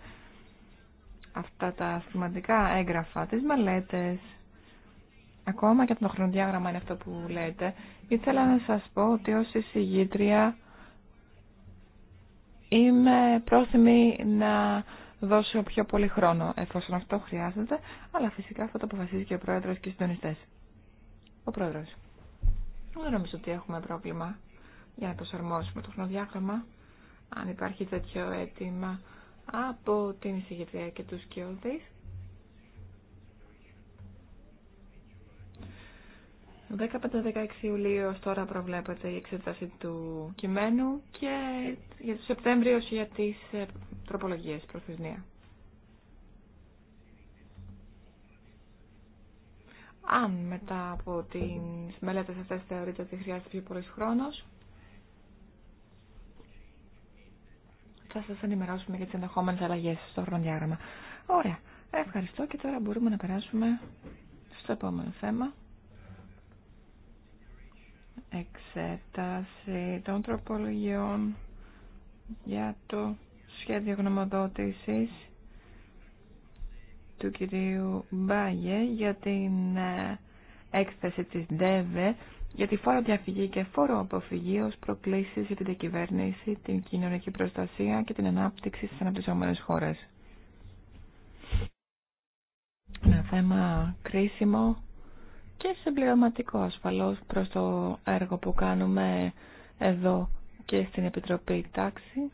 αυτά τα σημαντικά έγγραφα, τις μελέτες, ακόμα και το χρονοδιάγραμμα είναι αυτό που λέτε, ήθελα να σας πω ότι ως εισηγήτρια είμαι πρόθυμη να δώσω πιο πολύ χρόνο εφόσον αυτό χρειάζεται, αλλά φυσικά αυτό το αποφασίζει και ο Πρόεδρος και οι συντονιστές. Ο Πρόεδρος. Δεν νομίζω ότι έχουμε πρόβλημα για να προσαρμόσουμε το χρονοδιάγραμμα. Αν υπάρχει τέτοιο αίτημα από την εισηγητρία και τους κοιόδης. 15-16 Ιουλίου τώρα προβλέπεται η εξέταση του κειμένου και για το Σεπτέμβριο για τις ε, τροπολογίες προθεσμία. Αν μετά από τις μελέτες αυτές θεωρείτε ότι χρειάζεται πιο πολλής χρόνος, θα σας ενημερώσουμε για τις ενδεχόμενες αλλαγές στο χρονοδιάγραμμα. Ωραία. Ευχαριστώ και τώρα μπορούμε να περάσουμε στο επόμενο θέμα. Εξέταση των τροπολογιών για το σχέδιο γνωμοδότησης του κυρίου Μπάγε για την ε, έκθεση της ΔΕΒΕ για τη φόρο διαφυγή και φόρο αποφυγή ως προκλήσεις για την διακυβέρνηση, την κοινωνική προστασία και την ανάπτυξη στις αναπτυσσόμενες χώρες. Ένα θέμα κρίσιμο και συμπληρωματικό ασφαλώς προς το έργο που κάνουμε εδώ και στην Επιτροπή Τάξη.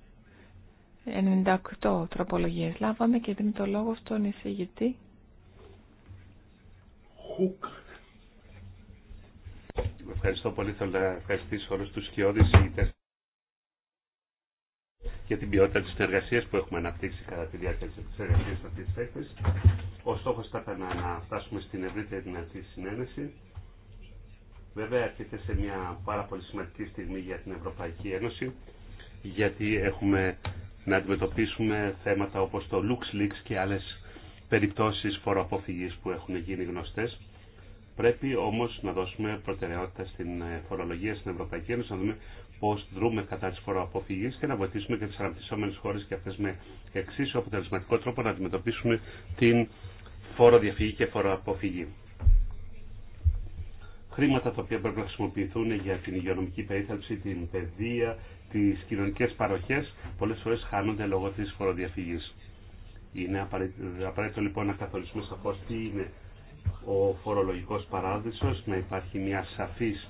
98 τροπολογίες λάβαμε και δίνει το λόγο στον εισηγητή. Ευχαριστώ πολύ. Θέλω να ευχαριστήσω όλους τους σκιώδεις ηγητές για την ποιότητα τη συνεργασίας που έχουμε αναπτύξει κατά τη διάρκεια της εργασία αυτή τη έκθεσης. Ο στόχος ήταν να φτάσουμε στην ευρύτερη δυνατή συνένεση. Βέβαια, έρχεται σε μια πάρα πολύ σημαντική στιγμή για την Ευρωπαϊκή Ένωση, γιατί έχουμε να αντιμετωπίσουμε θέματα όπως το LuxLeaks και άλλε περιπτώσεις φοροαποφυγής που έχουν γίνει γνωστές. Πρέπει όμω να δώσουμε προτεραιότητα στην ε, φορολογία στην Ευρωπαϊκή Ένωση, να δούμε πώ δρούμε κατά τη φοροαποφυγή και να βοηθήσουμε και τι αναπτυσσόμενε χώρε και αυτέ με εξίσου αποτελεσματικό τρόπο να αντιμετωπίσουν την φοροδιαφυγή και φοροαποφυγή. Χρήματα τα οποία πρέπει να χρησιμοποιηθούν για την υγειονομική περίθαλψη, την παιδεία, τι κοινωνικέ παροχέ, πολλέ φορέ χάνονται λόγω τη φοροδιαφυγή. Είναι απαραίτητο λοιπόν να καθορίσουμε σαφώ τι είναι ο φορολογικός παράδεισος, να υπάρχει μια σαφής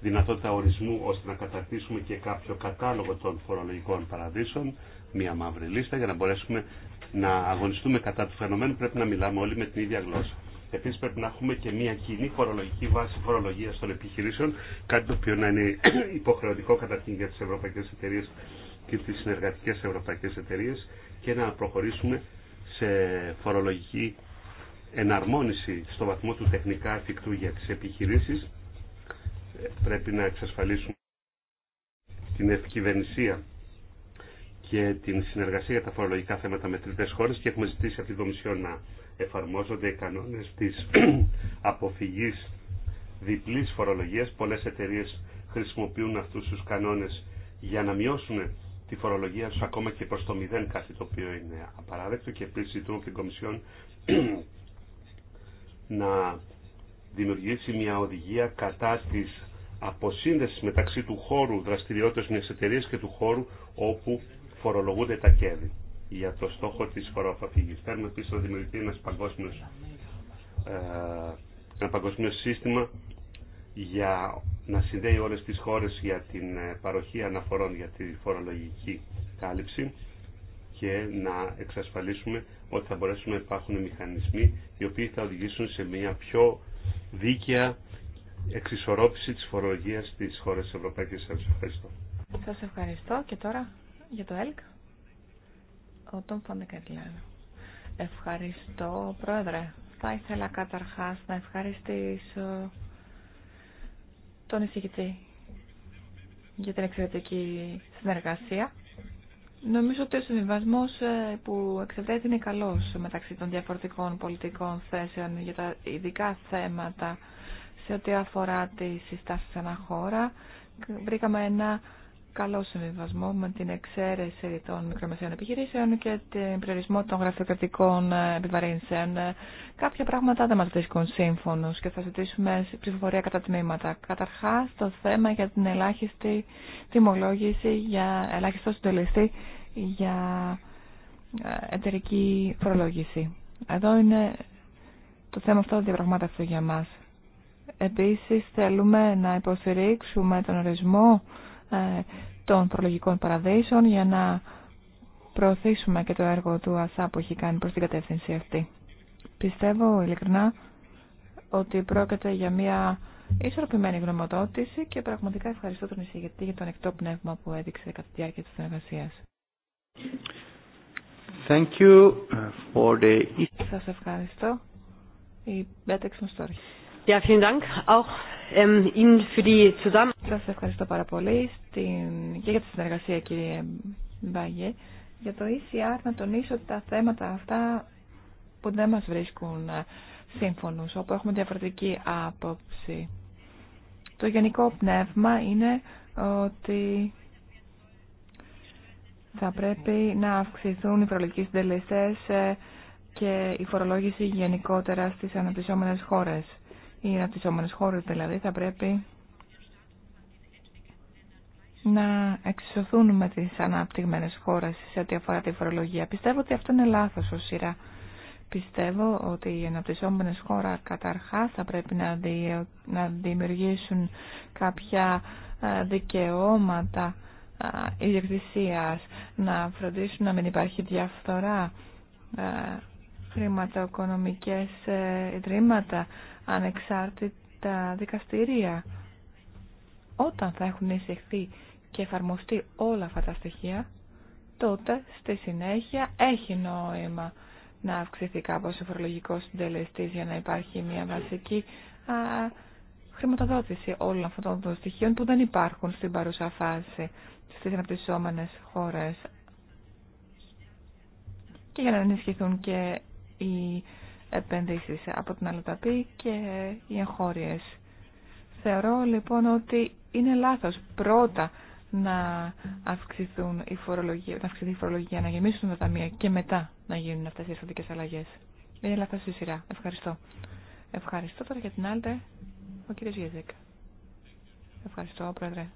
δυνατότητα ορισμού ώστε να καταρτήσουμε και κάποιο κατάλογο των φορολογικών παραδείσων, μια μαύρη λίστα για να μπορέσουμε να αγωνιστούμε κατά του φαινομένου πρέπει να μιλάμε όλοι με την ίδια γλώσσα. Επίση πρέπει να έχουμε και μια κοινή φορολογική βάση φορολογία των επιχειρήσεων, κάτι το οποίο να είναι [CLEARS THROAT] υποχρεωτικό καταρχήν για τι ευρωπαϊκέ εταιρείε και τι συνεργατικέ ευρωπαϊκέ εταιρείε και να προχωρήσουμε σε φορολογική εναρμόνιση στο βαθμό του τεχνικά αφικτού για τις επιχειρήσεις. Ε, πρέπει να εξασφαλίσουμε την ευκυβερνησία και την συνεργασία για τα φορολογικά θέματα με τρίτες χώρες και έχουμε ζητήσει από την Κομισιόν να εφαρμόζονται οι κανόνες της [CLEARS THROAT] αποφυγής διπλής φορολογίας. Πολλές εταιρείες χρησιμοποιούν αυτούς τους κανόνες για να μειώσουν τη φορολογία τους ακόμα και προς το μηδέν, κάτι το οποίο είναι απαράδεκτο και επίσης ζητούμε από την Κομισιόν [CLEARS THROAT] να δημιουργήσει μια οδηγία κατά της αποσύνδεσης μεταξύ του χώρου δραστηριότητας μιας εταιρείας και του χώρου όπου φορολογούνται τα κέρδη για το στόχο της φοροαπαφυγής. Θέλουμε επίσης να δημιουργηθεί ένας ε, ένα παγκόσμιο σύστημα για να συνδέει όλες τις χώρες για την ε, παροχή αναφορών για τη φορολογική κάλυψη και να εξασφαλίσουμε ότι θα μπορέσουν να υπάρχουν μηχανισμοί οι οποίοι θα οδηγήσουν σε μια πιο δίκαια εξισορρόπηση της φορολογίας στις χώρες της Ευρωπαϊκής Ένωσης. Ευχαριστώ. Σας ευχαριστώ και τώρα για το ΕΛΚ. Ο Τόμ Φαντεκαριλάνο. Ευχαριστώ, Πρόεδρε. Θα ήθελα καταρχάς να ευχαριστήσω τον εισηγητή για την εξαιρετική συνεργασία Νομίζω ότι ο συμβιβασμό ε, που εξετάζεται είναι καλό μεταξύ των διαφορετικών πολιτικών θέσεων για τα ειδικά θέματα σε ό,τι αφορά τι συστάσει ανά χώρα. Βρήκαμε ένα καλό συμβιβασμό με την εξαίρεση των μικρομεσαίων επιχειρήσεων και την περιορισμό των γραφειοκρατικών επιβαρύνσεων. Κάποια πράγματα δεν μας βρίσκουν σύμφωνος και θα ζητήσουμε ψηφοφορία κατά τμήματα. Καταρχάς, το θέμα για την ελάχιστη τιμολόγηση, για ελάχιστο συντελεστή για ε, εταιρική φορολόγηση. Εδώ είναι το θέμα αυτό διαπραγμάτευτο για μας. Επίσης, θέλουμε να υποστηρίξουμε τον ορισμό ε, των προλογικών παραδείσων για να προωθήσουμε και το έργο του ΑΣΑ που έχει κάνει προς την κατεύθυνση αυτή. Πιστεύω ειλικρινά ότι πρόκειται για μια ισορροπημένη γνωμοδότηση και πραγματικά ευχαριστώ τον εισηγητή για τον εκτό πνεύμα που έδειξε κατά τη διάρκεια της συνεργασίας. Thank uh, Σας ευχαριστώ. Η Μπέτεξ Ja, ähm, Σας ευχαριστώ πάρα πολύ και για τη συνεργασία κύριε Μπαγιέ. Για το ECR να τονίσω τα θέματα αυτά που δεν μας βρίσκουν ε, σύμφωνους, όπου έχουμε διαφορετική άποψη. Το γενικό πνεύμα είναι ότι θα πρέπει να αυξηθούν οι φορολογικοί συντελεστές ε, και η φορολόγηση γενικότερα στις αναπτυσσόμενες χώρες. Οι αναπτυσσόμενες χώρες δηλαδή θα πρέπει να εξισωθούν με τις αναπτυγμένες χώρες σε ό,τι αφορά τη φορολογία. Πιστεύω ότι αυτό είναι λάθος ως σειρά. Πιστεύω ότι οι αναπτυσσόμενες χώρα καταρχάς θα πρέπει να, να δημιουργήσουν κάποια ε, δικαιώματα ε, ιδιοκτησίας, να φροντίσουν να μην υπάρχει διαφθορά, ε, χρηματοοικονομικές ιδρύματα ανεξάρτητα δικαστηρία. Όταν θα έχουν εισηχθεί και εφαρμοστεί όλα αυτά τα στοιχεία, τότε στη συνέχεια έχει νόημα να αυξηθεί κάπως ο φορολογικός συντελεστής για να υπάρχει μια βασική α, χρηματοδότηση όλων αυτών των στοιχείων που δεν υπάρχουν στην παρούσα φάση στις αναπτυσσόμενες χώρες και για να ενισχυθούν και οι επενδύσεις από την αλλοταπή και οι εγχώριες. Θεωρώ λοιπόν ότι είναι λάθος πρώτα να, αυξηθούν η φορολογία, να αυξηθεί η φορολογία, να γεμίσουν τα ταμεία και μετά να γίνουν αυτές οι αισθαντικές αλλαγές. Είναι λάθος η σειρά. Ευχαριστώ. Ευχαριστώ τώρα για την άλλη, ο κύριος Γεζίκ. Ευχαριστώ, Πρόεδρε.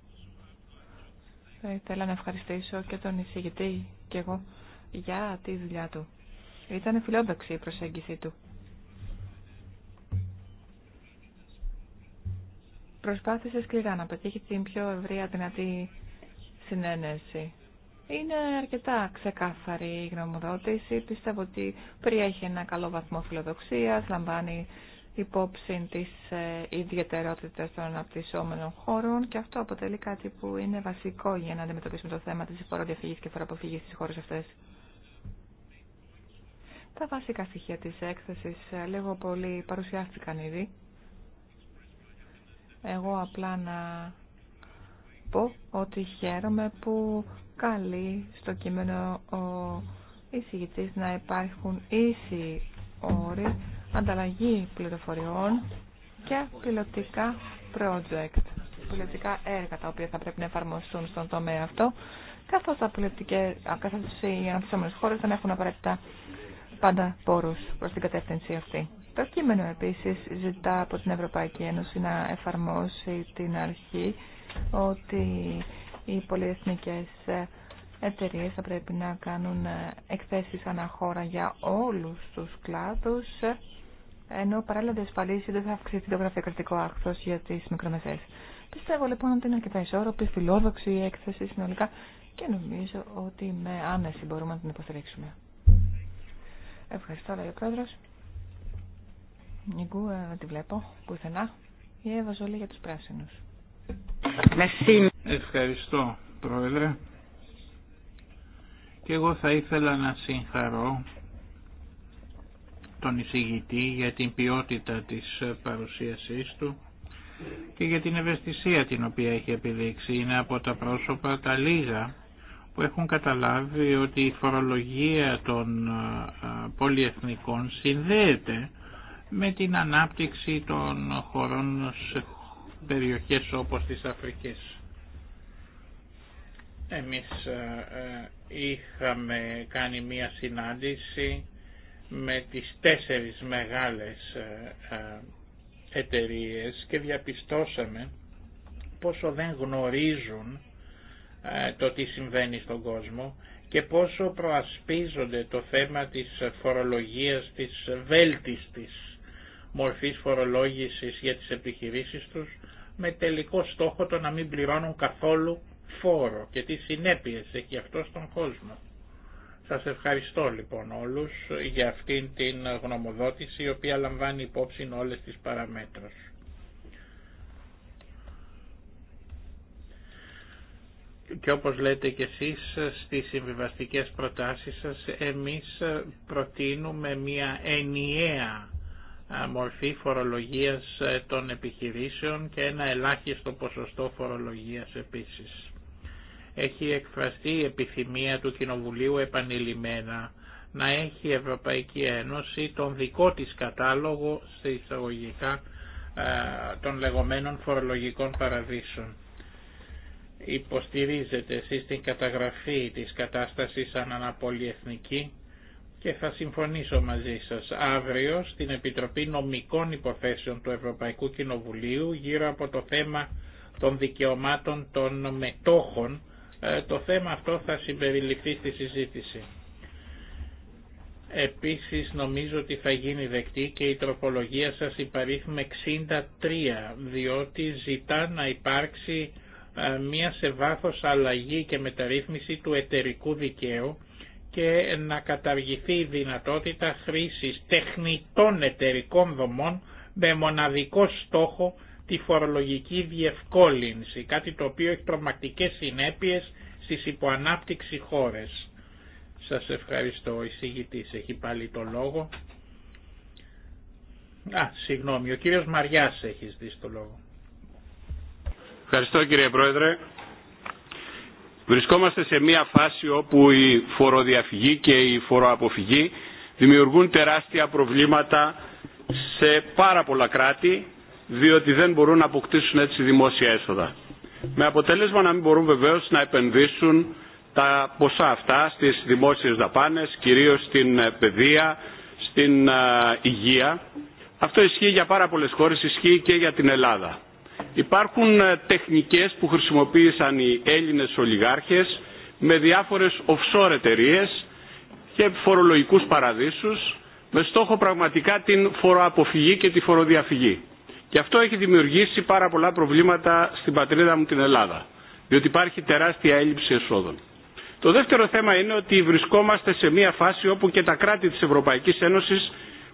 Θα ήθελα να ευχαριστήσω και τον εισηγητή και εγώ για τη δουλειά του. Ήταν φιλόδοξη η προσέγγιση του. Προσπάθησε σκληρά να πετύχει την πιο ευρεία δυνατή συνένεση. Είναι αρκετά ξεκάθαρη η γνωμοδότηση. Πιστεύω ότι περιέχει ένα καλό βαθμό φιλοδοξίας, λαμβάνει υπόψη της ε, ιδιαιτερότητας των αναπτυσσόμενων χώρων και αυτό αποτελεί κάτι που είναι βασικό για να αντιμετωπίσουμε το θέμα της φοροδιαφυγής και φοροαποφυγής στις χώρες αυτές. Τα βασικά στοιχεία της έκθεσης ε, λίγο πολύ παρουσιάστηκαν ήδη. Εγώ απλά να πω ότι χαίρομαι που καλεί στο κείμενο ο εισηγητής να υπάρχουν ίσοι όροι ανταλλαγή πληροφοριών και πιλωτικά project, πιλωτικά έργα τα οποία θα πρέπει να εφαρμοστούν στον τομέα αυτό, καθώς, τα καθώς οι αναπτυσσόμενες χώρες δεν έχουν απαραίτητα πάντα πόρους προς την κατεύθυνση αυτή. Το κείμενο επίσης ζητά από την Ευρωπαϊκή Ένωση να εφαρμόσει την αρχή ότι οι πολυεθνικές εταιρείε θα πρέπει να κάνουν εκθέσεις αναχώρα για όλους τους κλάδους ενώ παράλληλα διασφαλίσει δεν θα αυξηθεί το γραφειοκρατικό άκθος για τις μικρομεσαίες. Πιστεύω λοιπόν ότι είναι αρκετά ισόρροπη, φιλόδοξη η έκθεση συνολικά και νομίζω ότι με άμεση μπορούμε να την υποστηρίξουμε. Ευχαριστώ, λέει ο Νικού, ε, τη βλέπω πουθενά. Η Εύα Ζολή για τους πράσινου. Ευχαριστώ, πρόεδρε. Και εγώ θα ήθελα να συγχαρώ τον εισηγητή για την ποιότητα της παρουσίασής του και για την ευαισθησία την οποία έχει επιδείξει. Είναι από τα πρόσωπα τα λίγα που έχουν καταλάβει ότι η φορολογία των πολιεθνικών συνδέεται με την ανάπτυξη των χωρών σε περιοχές όπως της Αφρικής. Εμείς είχαμε κάνει μία συνάντηση με τις τέσσερις μεγάλες εταιρείες και διαπιστώσαμε πόσο δεν γνωρίζουν ε, το τι συμβαίνει στον κόσμο και πόσο προασπίζονται το θέμα της φορολογίας, της βέλτιστης μορφής φορολόγησης για τις επιχειρήσεις τους με τελικό στόχο το να μην πληρώνουν καθόλου φόρο και τι συνέπειες έχει αυτό στον κόσμο. Σας ευχαριστώ λοιπόν όλους για αυτήν την γνωμοδότηση η οποία λαμβάνει υπόψη όλες τις παραμέτρους. και όπως λέτε και εσείς στις συμβιβαστικές προτάσεις σας εμείς προτείνουμε μια ενιαία μορφή φορολογίας ε, των επιχειρήσεων και ένα ελάχιστο ποσοστό φορολογίας επίσης. Έχει εκφραστεί η επιθυμία του Κοινοβουλίου επανειλημμένα να έχει η Ευρωπαϊκή Ένωση τον δικό της κατάλογο σε εισαγωγικά των λεγόμενων φορολογικών παραδείσων υποστηρίζετε εσείς την καταγραφή της κατάστασης σαν αναπολιεθνική και θα συμφωνήσω μαζί σας αύριο στην Επιτροπή Νομικών Υποθέσεων του Ευρωπαϊκού Κοινοβουλίου γύρω από το θέμα των δικαιωμάτων των μετόχων. Ε, το θέμα αυτό θα συμπεριληφθεί στη συζήτηση. Επίσης νομίζω ότι θα γίνει δεκτή και η τροπολογία σας υπαρήθμε 63, διότι ζητά να υπάρξει ε, μία σε βάθος αλλαγή και μεταρρύθμιση του εταιρικού δικαίου και να καταργηθεί η δυνατότητα χρήσης τεχνητών εταιρικών δομών με μοναδικό στόχο τη φορολογική διευκόλυνση, κάτι το οποίο έχει τρομακτικές συνέπειες στις υποανάπτυξη χώρες. Σας ευχαριστώ. Ο εισηγητής έχει πάλι το λόγο. Α, συγγνώμη, ο κύριος Μαριάς έχει δει το λόγο. Ευχαριστώ κύριε Πρόεδρε. Βρισκόμαστε σε μια φάση όπου η φοροδιαφυγή και η φοροαποφυγή δημιουργούν τεράστια προβλήματα σε πάρα πολλά κράτη διότι δεν μπορούν να αποκτήσουν έτσι δημόσια έσοδα. Με αποτέλεσμα να μην μπορούν βεβαίως να επενδύσουν τα ποσά αυτά στις δημόσιες δαπάνες, κυρίως στην ε, παιδεία, στην ε, υγεία. Αυτό ισχύει για πάρα πολλές χώρες, ισχύει και για την Ελλάδα. Υπάρχουν ε, τεχνικές που χρησιμοποίησαν οι Έλληνες ολιγάρχες με διάφορες offshore εταιρείε και φορολογικούς παραδείσους με στόχο πραγματικά την φοροαποφυγή και τη φοροδιαφυγή. Και αυτό έχει δημιουργήσει πάρα πολλά προβλήματα στην πατρίδα μου την Ελλάδα, διότι υπάρχει τεράστια έλλειψη εσόδων. Το δεύτερο θέμα είναι ότι βρισκόμαστε σε μια φάση όπου και τα κράτη της Ευρωπαϊκής Ένωσης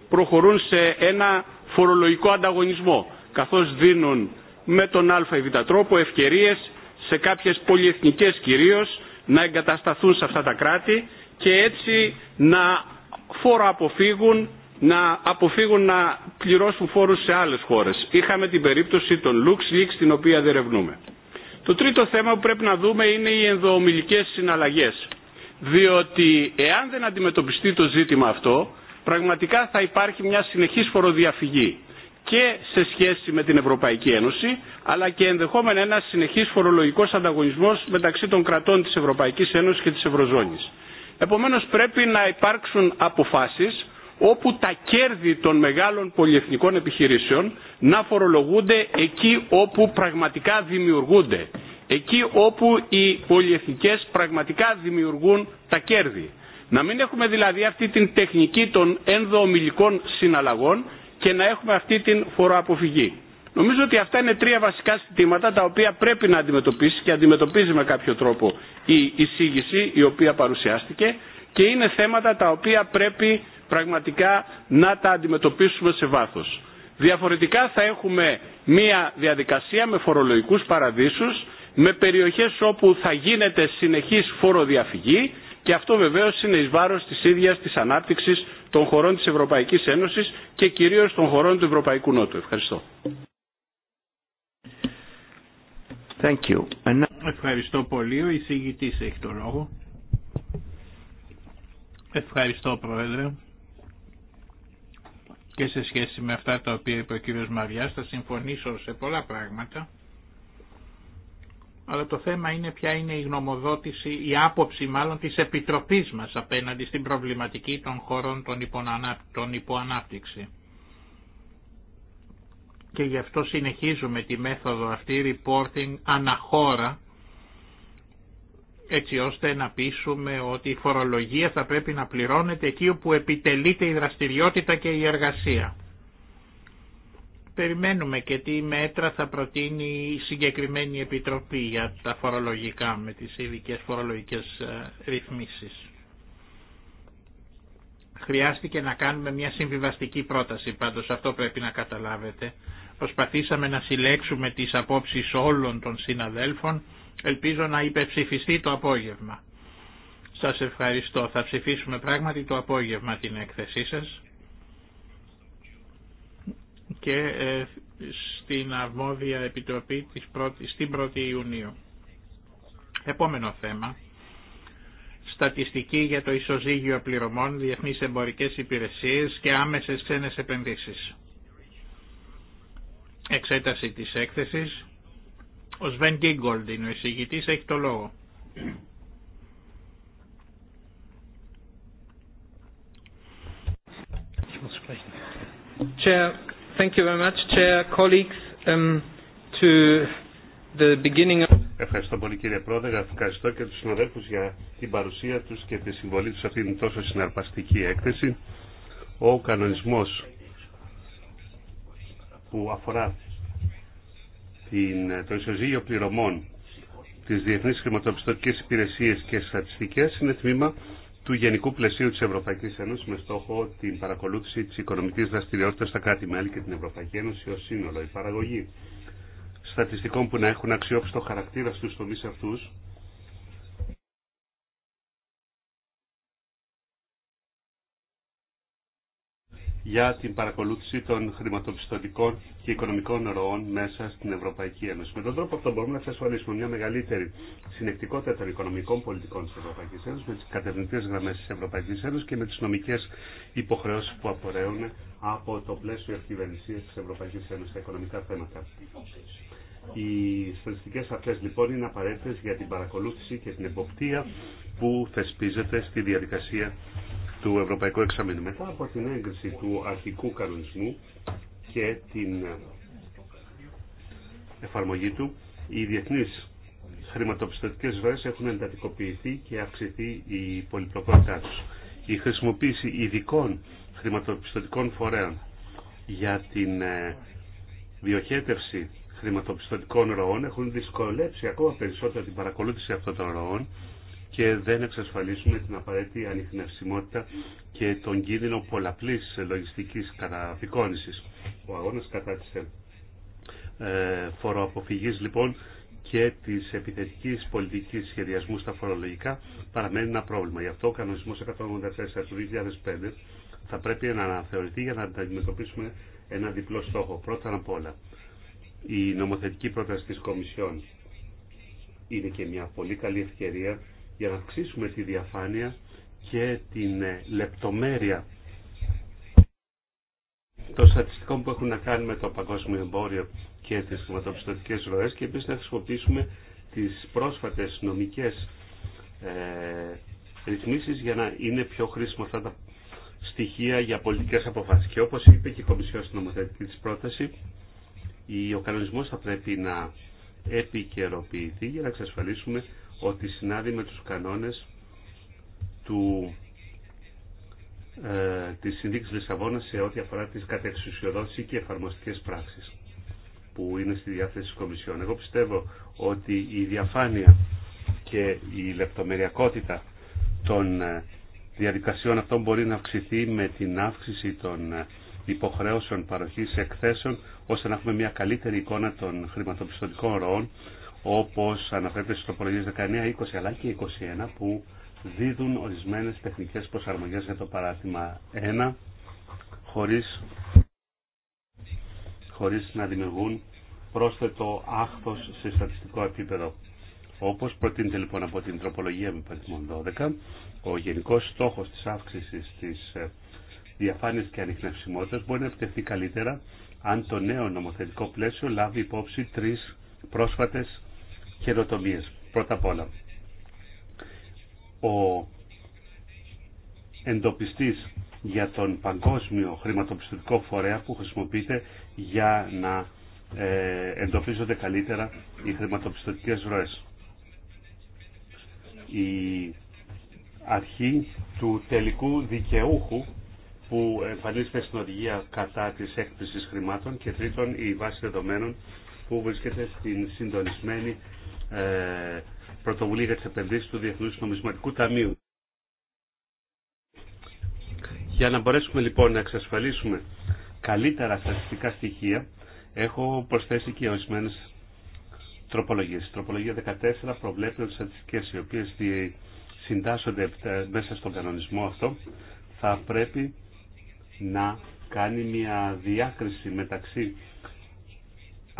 προχωρούν σε ένα φορολογικό ανταγωνισμό, καθώς δίνουν με τον β τρόπο ευκαιρίες σε κάποιες πολυεθνικές κυρίως να εγκατασταθούν σε αυτά τα κράτη και έτσι να φόρο αποφύγουν να αποφύγουν να πληρώσουν φόρους σε άλλες χώρες. Είχαμε την περίπτωση των LuxLeaks την οποία διερευνούμε. Το τρίτο θέμα που πρέπει να δούμε είναι οι ενδοομιλικές συναλλαγές. Διότι εάν δεν αντιμετωπιστεί το ζήτημα αυτό, πραγματικά θα υπάρχει μια συνεχής φοροδιαφυγή και σε σχέση με την Ευρωπαϊκή Ένωση, αλλά και ενδεχόμενα ένα συνεχής φορολογικός ανταγωνισμός μεταξύ των κρατών της Ευρωπαϊκής Ένωσης και της Ευρωζώνης. Επομένως πρέπει να υπάρξουν αποφάσεις όπου τα κέρδη των μεγάλων πολυεθνικών επιχειρήσεων να φορολογούνται εκεί όπου πραγματικά δημιουργούνται. Εκεί όπου οι πολυεθνικές πραγματικά δημιουργούν τα κέρδη. Να μην έχουμε δηλαδή αυτή την τεχνική των ενδοομιλικών συναλλαγών και να έχουμε αυτή την φοροαποφυγή. Νομίζω ότι αυτά είναι τρία βασικά συστήματα τα οποία πρέπει να αντιμετωπίσει και αντιμετωπίζει με κάποιο τρόπο η εισήγηση η οποία παρουσιάστηκε και είναι θέματα τα οποία πρέπει πραγματικά να τα αντιμετωπίσουμε σε βάθος. Διαφορετικά θα έχουμε μία διαδικασία με φορολογικούς παραδείσους, με περιοχές όπου θα γίνεται συνεχής φοροδιαφυγή, και αυτό βεβαίω είναι ει βάρο της ίδιας της ανάπτυξης των χωρών τη Ευρωπαϊκής Ένωσης και κυρίως των χωρών του Ευρωπαϊκού Νότου. Ευχαριστώ. Thank you. Ευχαριστώ πολύ. Ο εισηγητή έχει το λόγο. Ευχαριστώ Πρόεδρε. Και σε σχέση με αυτά τα οποία είπε ο κύριος Μαριά, θα συμφωνήσω σε πολλά πράγματα αλλά το θέμα είναι ποια είναι η γνωμοδότηση, η άποψη μάλλον της Επιτροπής μας απέναντι στην προβληματική των χωρών των υποανάπτυξη. Και γι' αυτό συνεχίζουμε τη μέθοδο αυτή reporting αναχώρα έτσι ώστε να πείσουμε ότι η φορολογία θα πρέπει να πληρώνεται εκεί όπου επιτελείται η δραστηριότητα και η εργασία περιμένουμε και τι μέτρα θα προτείνει η συγκεκριμένη επιτροπή για τα φορολογικά με τις ειδικέ φορολογικές ε, ρυθμίσεις. Χρειάστηκε να κάνουμε μια συμβιβαστική πρόταση, πάντως αυτό πρέπει να καταλάβετε. Προσπαθήσαμε να συλλέξουμε τις απόψεις όλων των συναδέλφων, ελπίζω να υπεψηφιστεί το απόγευμα. Σας ευχαριστώ. Θα ψηφίσουμε πράγματι το απόγευμα την έκθεσή σας και ε, στην αρμόδια επιτροπή της στην 1η Ιουνίου. Επόμενο θέμα. Στατιστική για το ισοζύγιο πληρωμών, διεθνείς εμπορικές υπηρεσίες και άμεσες ξένες επενδύσεις. Εξέταση της έκθεσης. Ο Σβεν Γκίγκολντ είναι ο εισηγητής, έχει το λόγο. Chair, Ευχαριστώ πολύ κύριε Πρόεδρε, ευχαριστώ και τους συνοδεύτους για την παρουσία τους και τη συμβολή τους σε αυτήν την τόσο συναρπαστική έκθεση. Ο κανονισμός που αφορά την, το ισοζύγιο πληρωμών της Διεθνής Χρηματοπιστωτικής Υπηρεσίας και στατιστικές είναι τμήμα του Γενικού Πλαισίου της Ευρωπαϊκής Ένωσης με στόχο την παρακολούθηση της οικονομικής δραστηριότητας στα κράτη-μέλη και την Ευρωπαϊκή Ένωση ως σύνολο. Η παραγωγή στατιστικών που να έχουν αξιόπιστο χαρακτήρα στους τομείς αυτούς για την παρακολούθηση των χρηματοπιστωτικών και οικονομικών ροών μέσα στην Ευρωπαϊκή Ένωση. Με τον τρόπο αυτό μπορούμε να εξασφαλίσουμε μια μεγαλύτερη συνεκτικότητα των οικονομικών πολιτικών τη Ευρωπαϊκή Ένωση με τι κατευθυντικέ γραμμέ τη Ευρωπαϊκή Ένωση και με τι νομικέ υποχρεώσει που απορρέουν από το πλαίσιο ευκυβερνησία τη Ευρωπαϊκή Ένωση στα οικονομικά θέματα. Οι στατιστικέ αυτέ λοιπόν είναι απαραίτητε για την παρακολούθηση και την εποπτεία που θεσπίζεται στη διαδικασία του Ευρωπαϊκού Εξαμήνου. Μετά από την έγκριση του αρχικού κανονισμού και την εφαρμογή του, οι διεθνεί χρηματοπιστωτικές βάσεις έχουν εντατικοποιηθεί και αυξηθεί η πολυπλοκότητά του. Η χρησιμοποίηση ειδικών χρηματοπιστωτικών φορέων για την ε, διοχέτευση χρηματοπιστωτικών ροών έχουν δυσκολέψει ακόμα περισσότερο την παρακολούθηση αυτών των ροών και δεν εξασφαλίσουμε την απαραίτητη ανιχνευσιμότητα και τον κίνδυνο πολλαπλής λογιστικής καταπικόνησης. Ο αγώνας κατά της ε, φοροαποφυγής λοιπόν και τη επιθετική πολιτική σχεδιασμού στα φορολογικά παραμένει ένα πρόβλημα. Γι' αυτό ο κανονισμός 184 του 2005 θα πρέπει να αναθεωρηθεί για να αντιμετωπίσουμε ένα διπλό στόχο. Πρώτα απ' όλα, η νομοθετική πρόταση τη Κομισιόν είναι και μια πολύ καλή ευκαιρία για να αυξήσουμε τη διαφάνεια και την ε, λεπτομέρεια των στατιστικών που έχουν να κάνουν με το παγκόσμιο εμπόριο και τις χρηματοπιστωτικές ροές και επίσης να χρησιμοποιήσουμε τις πρόσφατες νομικές ε, ρυθμίσεις για να είναι πιο χρήσιμα αυτά τα στοιχεία για πολιτικές αποφάσεις. Και όπως είπε και η Κομισιόν στην νομοθετική της πρόταση, ο κανονισμός θα πρέπει να επικαιροποιηθεί για να εξασφαλίσουμε ότι συνάδει με τους κανόνες του, ε, της Συνδίκης Λισαβόνα σε ό,τι αφορά τις κατεξουσιοδότηση και εφαρμοστικές πράξεις που είναι στη διάθεση της Κομισιόν. Εγώ πιστεύω ότι η διαφάνεια και η λεπτομεριακότητα των ε, διαδικασιών αυτών μπορεί να αυξηθεί με την αύξηση των ε, υποχρέωσεων παροχής εκθέσεων ώστε να έχουμε μια καλύτερη εικόνα των χρηματοπιστωτικών ροών όπως αναφέρεται στο τροπολογίες 19, 20 αλλά και 21 που δίδουν ορισμένες τεχνικές προσαρμογές για το παράδειγμα 1 χωρίς, χωρίς να δημιουργούν πρόσθετο άχθος σε στατιστικό επίπεδο. Όπως προτείνεται λοιπόν από την τροπολογία με 12, ο γενικός στόχος της αύξησης της ε, διαφάνειας και ανιχνευσιμότητας μπορεί να επιτευχθεί καλύτερα αν το νέο νομοθετικό πλαίσιο λάβει υπόψη τρεις πρόσφατες χειροτομίες Πρώτα απ' όλα, ο εντοπιστής για τον παγκόσμιο χρηματοπιστωτικό φορέα που χρησιμοποιείται για να ε, εντοπίζονται καλύτερα οι χρηματοπιστωτικές ροές. Η αρχή του τελικού δικαιούχου που εμφανίζεται στην οδηγία κατά της έκπλησης χρημάτων και τρίτον η βάση δεδομένων που βρίσκεται στην συντονισμένη ε, πρωτοβουλία για τις επενδύσεις του Διεθνούς Νομισματικού Ταμείου. Για να μπορέσουμε λοιπόν να εξασφαλίσουμε καλύτερα στατιστικά στοιχεία, έχω προσθέσει και ορισμένε τροπολογίες. Η τροπολογία 14 προβλέπει ότι στατιστικές οι οποίες συντάσσονται ε, μέσα στον κανονισμό αυτό θα πρέπει να κάνει μια διάκριση μεταξύ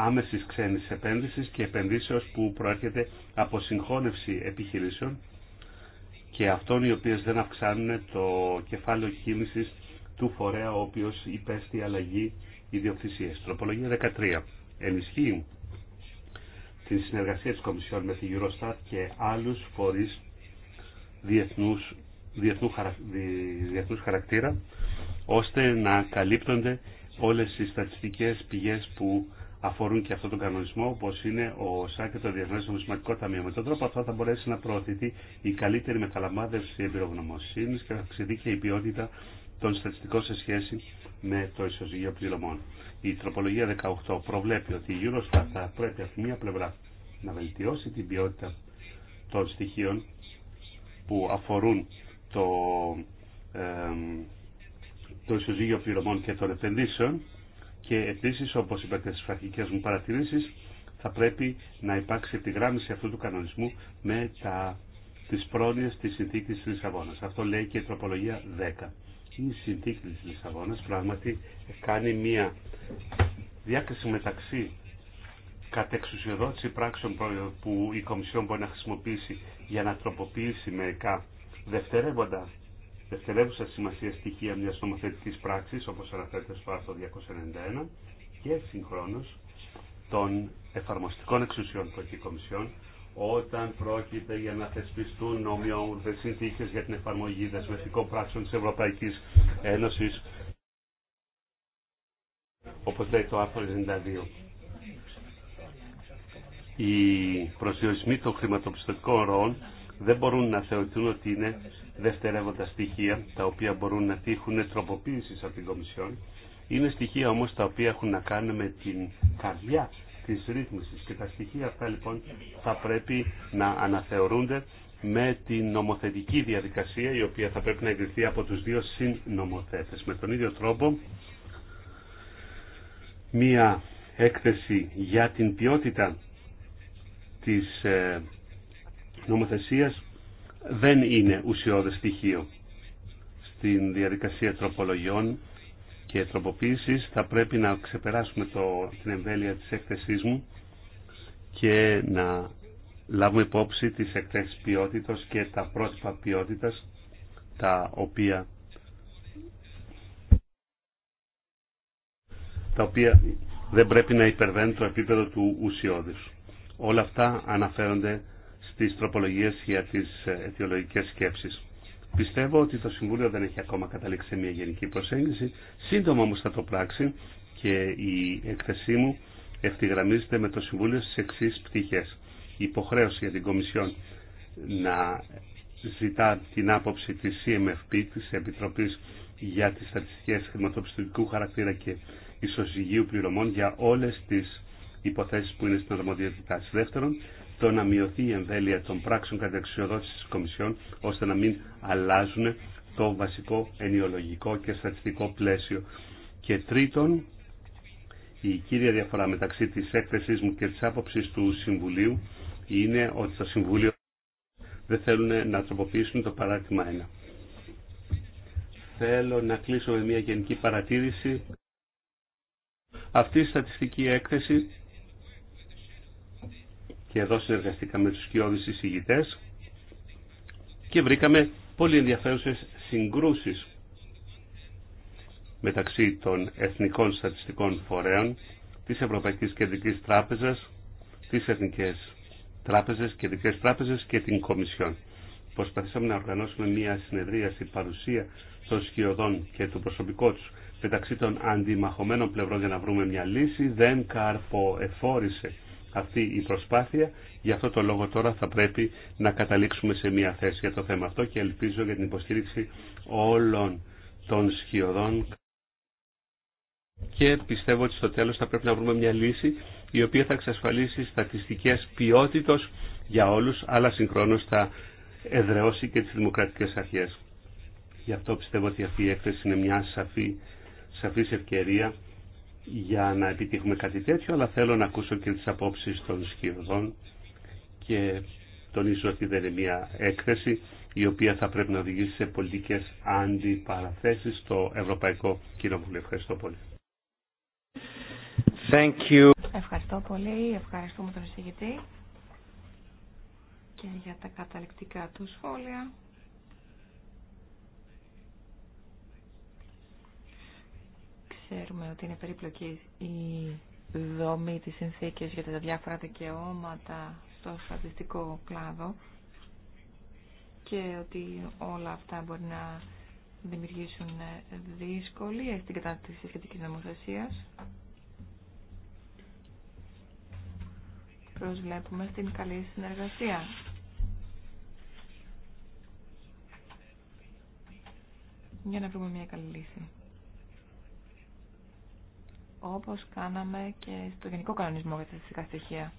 άμεσης ξένης επένδυσης και επενδύσεως που προέρχεται από συγχώνευση επιχειρήσεων και αυτών οι οποίες δεν αυξάνουν το κεφάλαιο κίνησης του φορέα ο οποίος υπέστη αλλαγή ιδιοκτησίας. Τροπολογία 13. Ενισχύει την συνεργασία της Κομισιόν με τη Eurostat και άλλους φορείς διεθνούς, διεθνού, διεθνούς χαρακτήρα ώστε να καλύπτονται όλες οι στατιστικές πηγές που αφορούν και αυτόν τον κανονισμό, όπω είναι ο ΣΑ και το Διεθνέ Νομισματικό Ταμείο. Με τον τρόπο αυτό θα μπορέσει να προωθηθεί η καλύτερη μεταλαμβάνευση εμπειρογνωμοσύνη και θα αυξηθεί και η ποιότητα των στατιστικών σε σχέση με το ισοζυγείο πληρωμών. Η τροπολογία 18 προβλέπει ότι η Eurostat θα πρέπει από μία πλευρά να βελτιώσει την ποιότητα των στοιχείων που αφορούν το, ε, το ισοζύγιο πληρωμών και των επενδύσεων και επίσης, όπως είπατε στις φαρχικές μου παρατηρήσεις, θα πρέπει να υπάρξει επιγράμμιση αυτού του κανονισμού με τα, τις πρόνοιες της συνθήκης της Λισαβόνας. Αυτό λέει και η τροπολογία 10. Η συνθήκη της Λισαβόνας πράγματι κάνει μία διάκριση μεταξύ κατεξουσιοδότηση πράξεων που η Κομισιόν μπορεί να χρησιμοποιήσει για να τροποποιήσει μερικά δευτερεύοντα δευτερεύουσα σημασία στοιχεία μιας νομοθετικής πράξης, όπως αναφέρεται στο άρθρο 291, και συγχρόνως των εφαρμοστικών εξουσιών η Κομισιόν, όταν πρόκειται για να θεσπιστούν νομιόμορφες συνθήκες για την εφαρμογή δεσμευτικών πράξεων της Ευρωπαϊκής Ένωσης, όπως λέει το άρθρο 92. Οι προσδιορισμοί των χρηματοπιστωτικών ροών δεν μπορούν να θεωρηθούν ότι είναι δευτερεύοντα στοιχεία τα οποία μπορούν να τύχουν τροποποίηση από την Κομισιόν. Είναι στοιχεία όμως τα οποία έχουν να κάνουν με την καρδιά τη ρύθμιση. και τα στοιχεία αυτά λοιπόν θα πρέπει να αναθεωρούνται με την νομοθετική διαδικασία η οποία θα πρέπει να εγκριθεί από τους δύο συνομοθέτες. Με τον ίδιο τρόπο μία έκθεση για την ποιότητα της ε, νομοθεσίας δεν είναι ουσιώδες στοιχείο. Στην διαδικασία τροπολογιών και τροποποίησης θα πρέπει να ξεπεράσουμε το, την εμβέλεια της έκθεσής μου και να λάβουμε υπόψη τις εκθέσεις ποιότητας και τα πρότυπα ποιότητας τα οποία τα οποία δεν πρέπει να υπερβαίνουν το επίπεδο του ουσιώδης. Όλα αυτά αναφέρονται τις τροπολογίες για τις ε, αιτιολογικές σκέψεις. Πιστεύω ότι το Συμβούλιο δεν έχει ακόμα καταλήξει μια γενική προσέγγιση. Σύντομα όμως θα το πράξει και η έκθεσή μου ευθυγραμμίζεται με το Συμβούλιο στις εξή πτυχές. Η υποχρέωση για την Κομισιόν να ζητά την άποψη της CMFP, της Επιτροπής για τις Στατιστικές Χρηματοπιστωτικού Χαρακτήρα και Ισοζυγίου Πληρωμών για όλες τις υποθέσεις που είναι στην αρμοδιότητά. Δεύτερον, το να μειωθεί η εμβέλεια των πράξεων κατά εξοδότηση της Κομισιόν, ώστε να μην αλλάζουν το βασικό ενοιολογικό και στατιστικό πλαίσιο. Και τρίτον, η κύρια διαφορά μεταξύ της έκθεσής μου και της άποψης του Συμβουλίου είναι ότι το Συμβούλιο δεν θέλουν να τροποποιήσουν το παράδειγμα 1. Θέλω να κλείσω με μια γενική παρατήρηση. Αυτή η στατιστική έκθεση και εδώ συνεργαστήκαμε με τους σκιώδεις εισηγητές και βρήκαμε πολύ ενδιαφέρουσες συγκρούσεις μεταξύ των εθνικών στατιστικών φορέων, της Ευρωπαϊκής Κεντρικής Τράπεζας, τις Εθνικές Τράπεζες, Κεντρικές Τράπεζες και την Κομισιόν. Προσπαθήσαμε να οργανώσουμε μια συνεδρία στην παρουσία των σκιωδών και του προσωπικού τους μεταξύ των αντιμαχωμένων πλευρών για να βρούμε μια λύση. Δεν καρποεφόρησε αυτή η προσπάθεια. Γι' αυτό το λόγο τώρα θα πρέπει να καταλήξουμε σε μια θέση για το θέμα αυτό και ελπίζω για την υποστήριξη όλων των σχιωδών και πιστεύω ότι στο τέλος θα πρέπει να βρούμε μια λύση η οποία θα εξασφαλίσει στατιστικές ποιότητος για όλους αλλά συγχρόνως θα εδραιώσει και τις δημοκρατικές αρχές. Γι' αυτό πιστεύω ότι αυτή η έκθεση είναι μια σαφή, σαφής ευκαιρία για να επιτύχουμε κάτι τέτοιο, αλλά θέλω να ακούσω και τις απόψεις των σκιωδών και τονίζω ότι δεν είναι μια έκθεση η οποία θα πρέπει να οδηγήσει σε πολιτικές αντιπαραθέσεις στο Ευρωπαϊκό Κοινοβούλιο. Ευχαριστώ πολύ. Thank you. Ευχαριστώ πολύ. Ευχαριστούμε τον εισηγητή και για τα καταληκτικά του σχόλια. Ξέρουμε ότι είναι περίπλοκη η δομή της συνθήκης για τα διάφορα δικαιώματα στο στατιστικό κλάδο και ότι όλα αυτά μπορεί να δημιουργήσουν δυσκολίες στην κατάσταση της σχετικής νομοθεσίας. Προσβλέπουμε στην καλή συνεργασία. Για να βρούμε μια καλή λύση όπως κάναμε και στο Γενικό Κανονισμό για τα θετικά στοιχεία.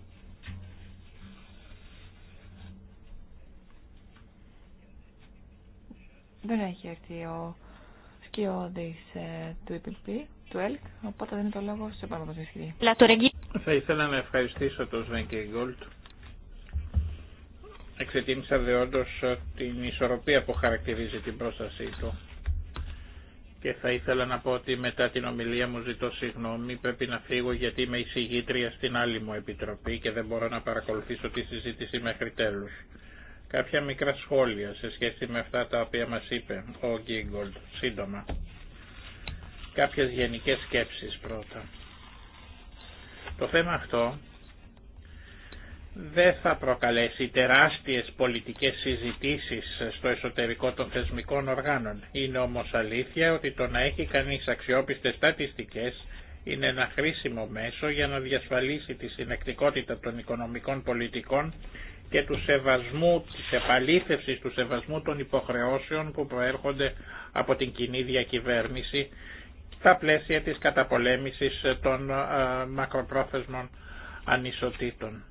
Δεν έχει έρθει ο σκιώδης ε, του EPP, του ΕΛΚ, οπότε δεν είναι το λόγο σε πάνω από Θα ήθελα να ευχαριστήσω τον Σβέν και Γκόλτ. Εξετίμησα διόντως την ισορροπία που χαρακτηρίζει την πρόστασή του και θα ήθελα να πω ότι μετά την ομιλία μου ζητώ συγγνώμη, πρέπει να φύγω γιατί είμαι εισηγήτρια στην άλλη μου επιτροπή και δεν μπορώ να παρακολουθήσω τη συζήτηση μέχρι τέλους. Κάποια μικρά σχόλια σε σχέση με αυτά τα οποία μας είπε ο Γκίγκολτ, σύντομα. Κάποιες γενικές σκέψεις πρώτα. Το θέμα αυτό δεν θα προκαλέσει τεράστιες πολιτικές συζητήσεις στο εσωτερικό των θεσμικών οργάνων. Είναι όμως αλήθεια ότι το να έχει κανείς αξιόπιστες στατιστικές είναι ένα χρήσιμο μέσο για να διασφαλίσει τη συνεκτικότητα των οικονομικών πολιτικών και του σεβασμού, της επαλήθευσης του σεβασμού των υποχρεώσεων που προέρχονται από την κοινή διακυβέρνηση στα πλαίσια της καταπολέμησης των μακροπρόθεσμων ανισοτήτων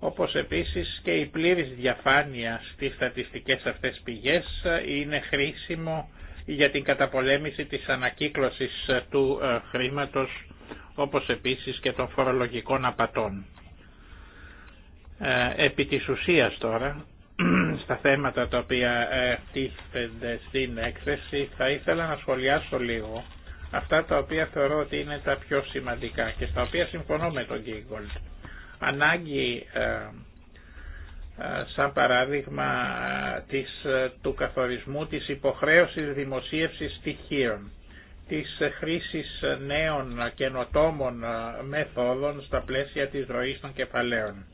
όπως επίσης και η πλήρης διαφάνεια στις στατιστικές αυτές πηγές είναι χρήσιμο για την καταπολέμηση της ανακύκλωσης του ε, χρήματος όπως επίσης και των φορολογικών απατών. Ε, επί της ουσίας τώρα, [CLEARS THROAT] στα θέματα τα οποία ε, τίθενται στην έκθεση, θα ήθελα να σχολιάσω λίγο αυτά τα οποία θεωρώ ότι είναι τα πιο σημαντικά και στα οποία συμφωνώ με τον Γκίγκολτ ανάγκη ε, ε, σαν παράδειγμα ε, της, του καθορισμού της υποχρέωσης δημοσίευσης στοιχείων, της χρήσης νέων καινοτόμων μεθόδων στα πλαίσια της ροής των κεφαλαίων,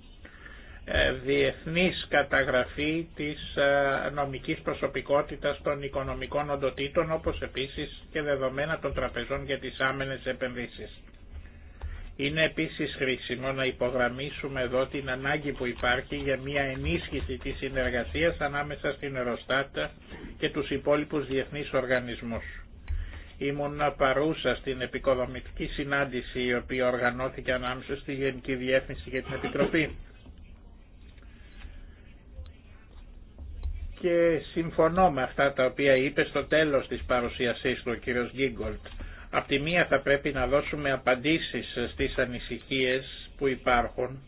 διεθνής καταγραφή της νομικής προσωπικότητας των οικονομικών οντοτήτων, όπως επίσης και δεδομένα των τραπεζών για τις άμενες επενδύσεις. Είναι επίσης χρήσιμο να υπογραμμίσουμε εδώ την ανάγκη που υπάρχει για μια ενίσχυση της συνεργασίας ανάμεσα στην Εροστάτα και τους υπόλοιπους διεθνείς οργανισμούς. Ήμουν παρούσα στην επικοδομητική συνάντηση η οποία οργανώθηκε ανάμεσα στη Γενική Διεύθυνση και την Επιτροπή. Και συμφωνώ με αυτά τα οποία είπε στο τέλος της παρουσίασής του ο κύριος Γκίγκολτ Απ' τη μία θα πρέπει να δώσουμε απαντήσεις στις ανησυχίες που υπάρχουν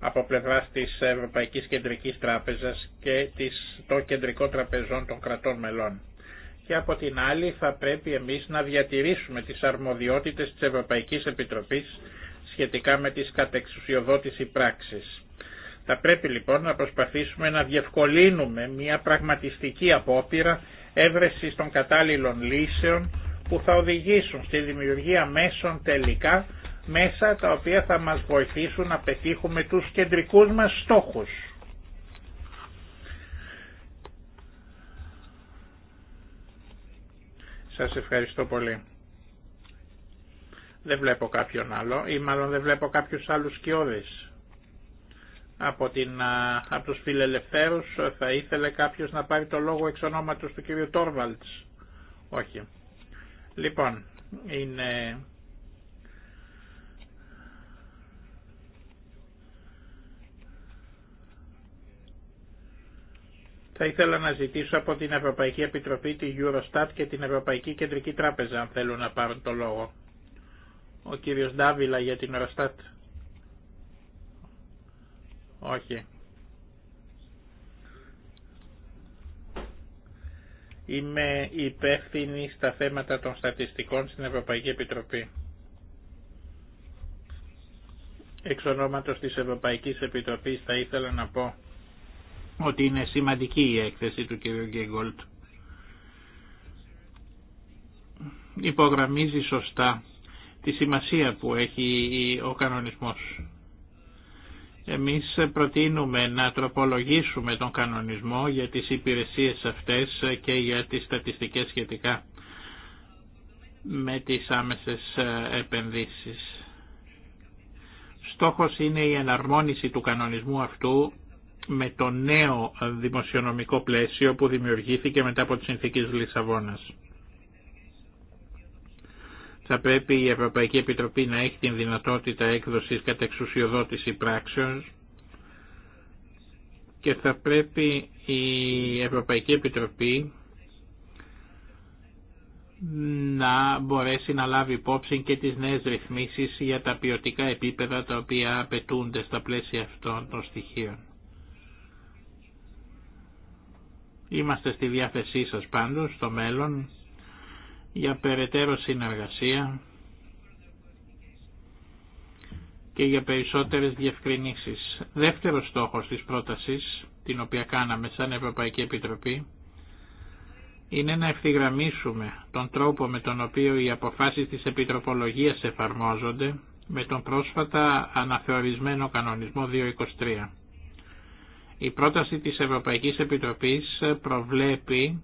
από πλευράς της Ευρωπαϊκής Κεντρικής Τράπεζας και της των κεντρικών τραπεζών των κρατών μελών. Και από την άλλη θα πρέπει εμείς να διατηρήσουμε τις αρμοδιότητες της Ευρωπαϊκής Επιτροπής σχετικά με τις κατεξουσιοδότηση πράξεις. Θα πρέπει λοιπόν να προσπαθήσουμε να διευκολύνουμε μια πραγματιστική απόπειρα έβρεση των κατάλληλων λύσεων που θα οδηγήσουν στη δημιουργία μέσων τελικά, μέσα τα οποία θα μας βοηθήσουν να πετύχουμε τους κεντρικούς μας στόχους. Σας ευχαριστώ πολύ. Δεν βλέπω κάποιον άλλο ή μάλλον δεν βλέπω κάποιους άλλους σκιώδες. Από, την, από τους φιλελευθέρους θα ήθελε κάποιος να πάρει το λόγο εξ του κ. Τόρβαλτς. Όχι. Λοιπόν, είναι... Θα ήθελα να ζητήσω από την Ευρωπαϊκή Επιτροπή, τη Eurostat και την Ευρωπαϊκή Κεντρική Τράπεζα, αν θέλουν να πάρουν το λόγο. Ο κύριος Ντάβιλα για την Eurostat. Όχι. είμαι υπεύθυνη στα θέματα των στατιστικών στην Ευρωπαϊκή Επιτροπή. Εξ ονόματος της Ευρωπαϊκής Επιτροπής θα ήθελα να πω ότι είναι σημαντική η έκθεση του κ. Γκέγκολτ. Υπογραμμίζει σωστά τη σημασία που έχει ο κανονισμός εμείς προτείνουμε να τροπολογήσουμε τον κανονισμό για τις υπηρεσίες αυτές και για τις στατιστικές σχετικά με τις άμεσες επενδύσεις. Στόχος είναι η εναρμόνιση του κανονισμού αυτού με το νέο δημοσιονομικό πλαίσιο που δημιουργήθηκε μετά από τις συνθήκες Λισαβόνας θα πρέπει η Ευρωπαϊκή Επιτροπή να έχει την δυνατότητα έκδοσης εξουσιοδότηση πράξεων και θα πρέπει η Ευρωπαϊκή Επιτροπή να μπορέσει να λάβει υπόψη και τις νέες ρυθμίσεις για τα ποιοτικά επίπεδα τα οποία απαιτούνται στα πλαίσια αυτών των στοιχείων. Είμαστε στη διάθεσή σας πάντως στο μέλλον για περαιτέρω συνεργασία και για περισσότερες διευκρινήσεις. Δεύτερος στόχος της πρότασης, την οποία κάναμε σαν Ευρωπαϊκή Επιτροπή, είναι να ευθυγραμμίσουμε τον τρόπο με τον οποίο οι αποφάσεις της Επιτροπολογίας εφαρμόζονται με τον πρόσφατα αναθεωρισμένο κανονισμό 223. Η πρόταση της Ευρωπαϊκής Επιτροπής προβλέπει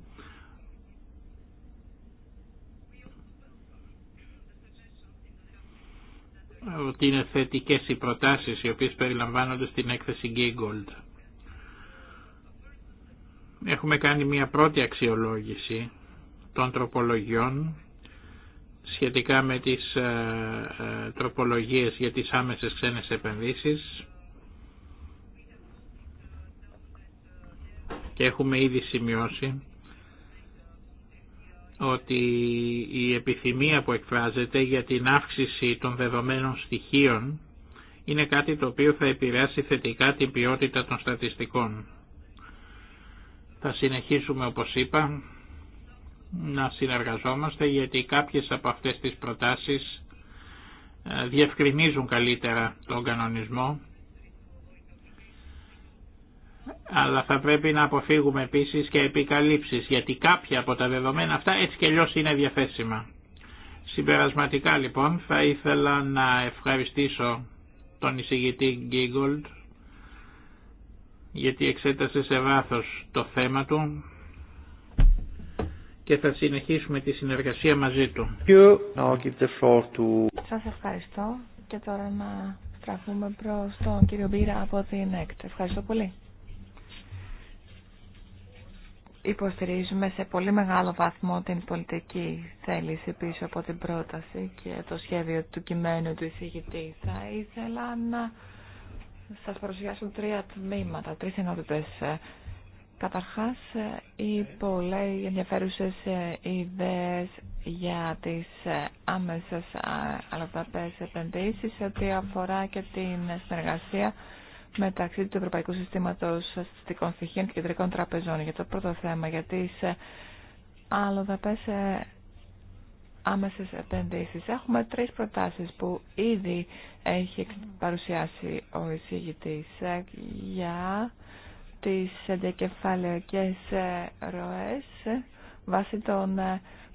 ότι είναι θετικές οι προτάσεις οι οποίες περιλαμβάνονται στην έκθεση Giggold. Έχουμε κάνει μια πρώτη αξιολόγηση των τροπολογιών σχετικά με τις ε, ε, τροπολογίες για τις άμεσες ξένες επενδύσεις και έχουμε ήδη σημειώσει ότι η επιθυμία που εκφράζεται για την αύξηση των δεδομένων στοιχείων είναι κάτι το οποίο θα επηρεάσει θετικά την ποιότητα των στατιστικών. Θα συνεχίσουμε όπως είπα να συνεργαζόμαστε γιατί κάποιες από αυτές τις προτάσεις ε, διευκρινίζουν καλύτερα τον κανονισμό αλλά θα πρέπει να αποφύγουμε επίσης και επικαλύψεις, γιατί κάποια από τα δεδομένα αυτά έτσι και αλλιώς είναι διαθέσιμα. Συμπερασματικά λοιπόν θα ήθελα να ευχαριστήσω τον εισηγητή Γκίγκολτ, γιατί εξέτασε σε βάθος το θέμα του και θα συνεχίσουμε τη συνεργασία μαζί του. Σας ευχαριστώ και τώρα να στραφούμε προς τον κύριο Μπύρα από την ΕΚΤ. Ευχαριστώ πολύ υποστηρίζουμε σε πολύ μεγάλο βαθμό την πολιτική θέληση πίσω από την πρόταση και το σχέδιο του κειμένου του εισηγητή. Θα ήθελα να σας παρουσιάσω τρία τμήματα, τρεις ενότητες. Καταρχάς, οι πολλέ ενδιαφέρουσες ιδέες για τις άμεσες αλλοδαπές επενδύσεις, ό,τι αφορά και την συνεργασία μεταξύ του Ευρωπαϊκού Συστήματος Στατιστικών Στοιχείων και Κεντρικών Τραπεζών για το πρώτο θέμα, γιατί σε πέσει άμεσες επενδύσεις. Έχουμε τρεις προτάσεις που ήδη έχει παρουσιάσει ο εισηγητής ε, για τις αντικεφαλαιοκές ε, ροές ε, βάσει των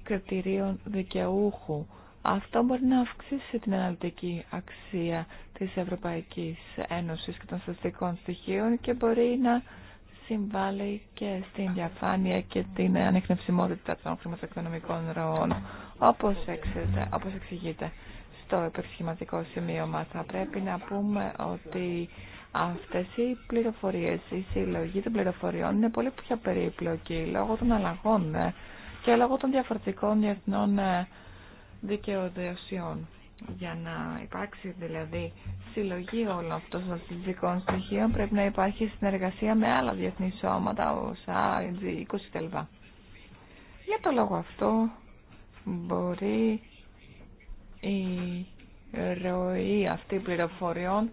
κριτηρίων δικαιούχου αυτό μπορεί να αυξήσει την αναλυτική αξία της Ευρωπαϊκής Ένωσης και των σωστικών στοιχείων και μπορεί να συμβάλλει και στην διαφάνεια και την ανεχνευσιμότητα των χρηματοοικονομικών ροών, όπως, εξετε, εξηγείται στο επεξηγηματικό σημείο μας. Θα πρέπει να πούμε ότι αυτές οι πληροφορίες, η συλλογή των πληροφοριών είναι πολύ πιο περίπλοκη λόγω των αλλαγών και λόγω των διαφορετικών διεθνών ε, δικαιοδοσιών για να υπάρξει δηλαδή συλλογή όλων αυτών των συζητικών στοιχείων πρέπει να υπάρχει συνεργασία με άλλα διεθνή σώματα, ο g Για το λόγο αυτό μπορεί η ροή αυτή πληροφοριών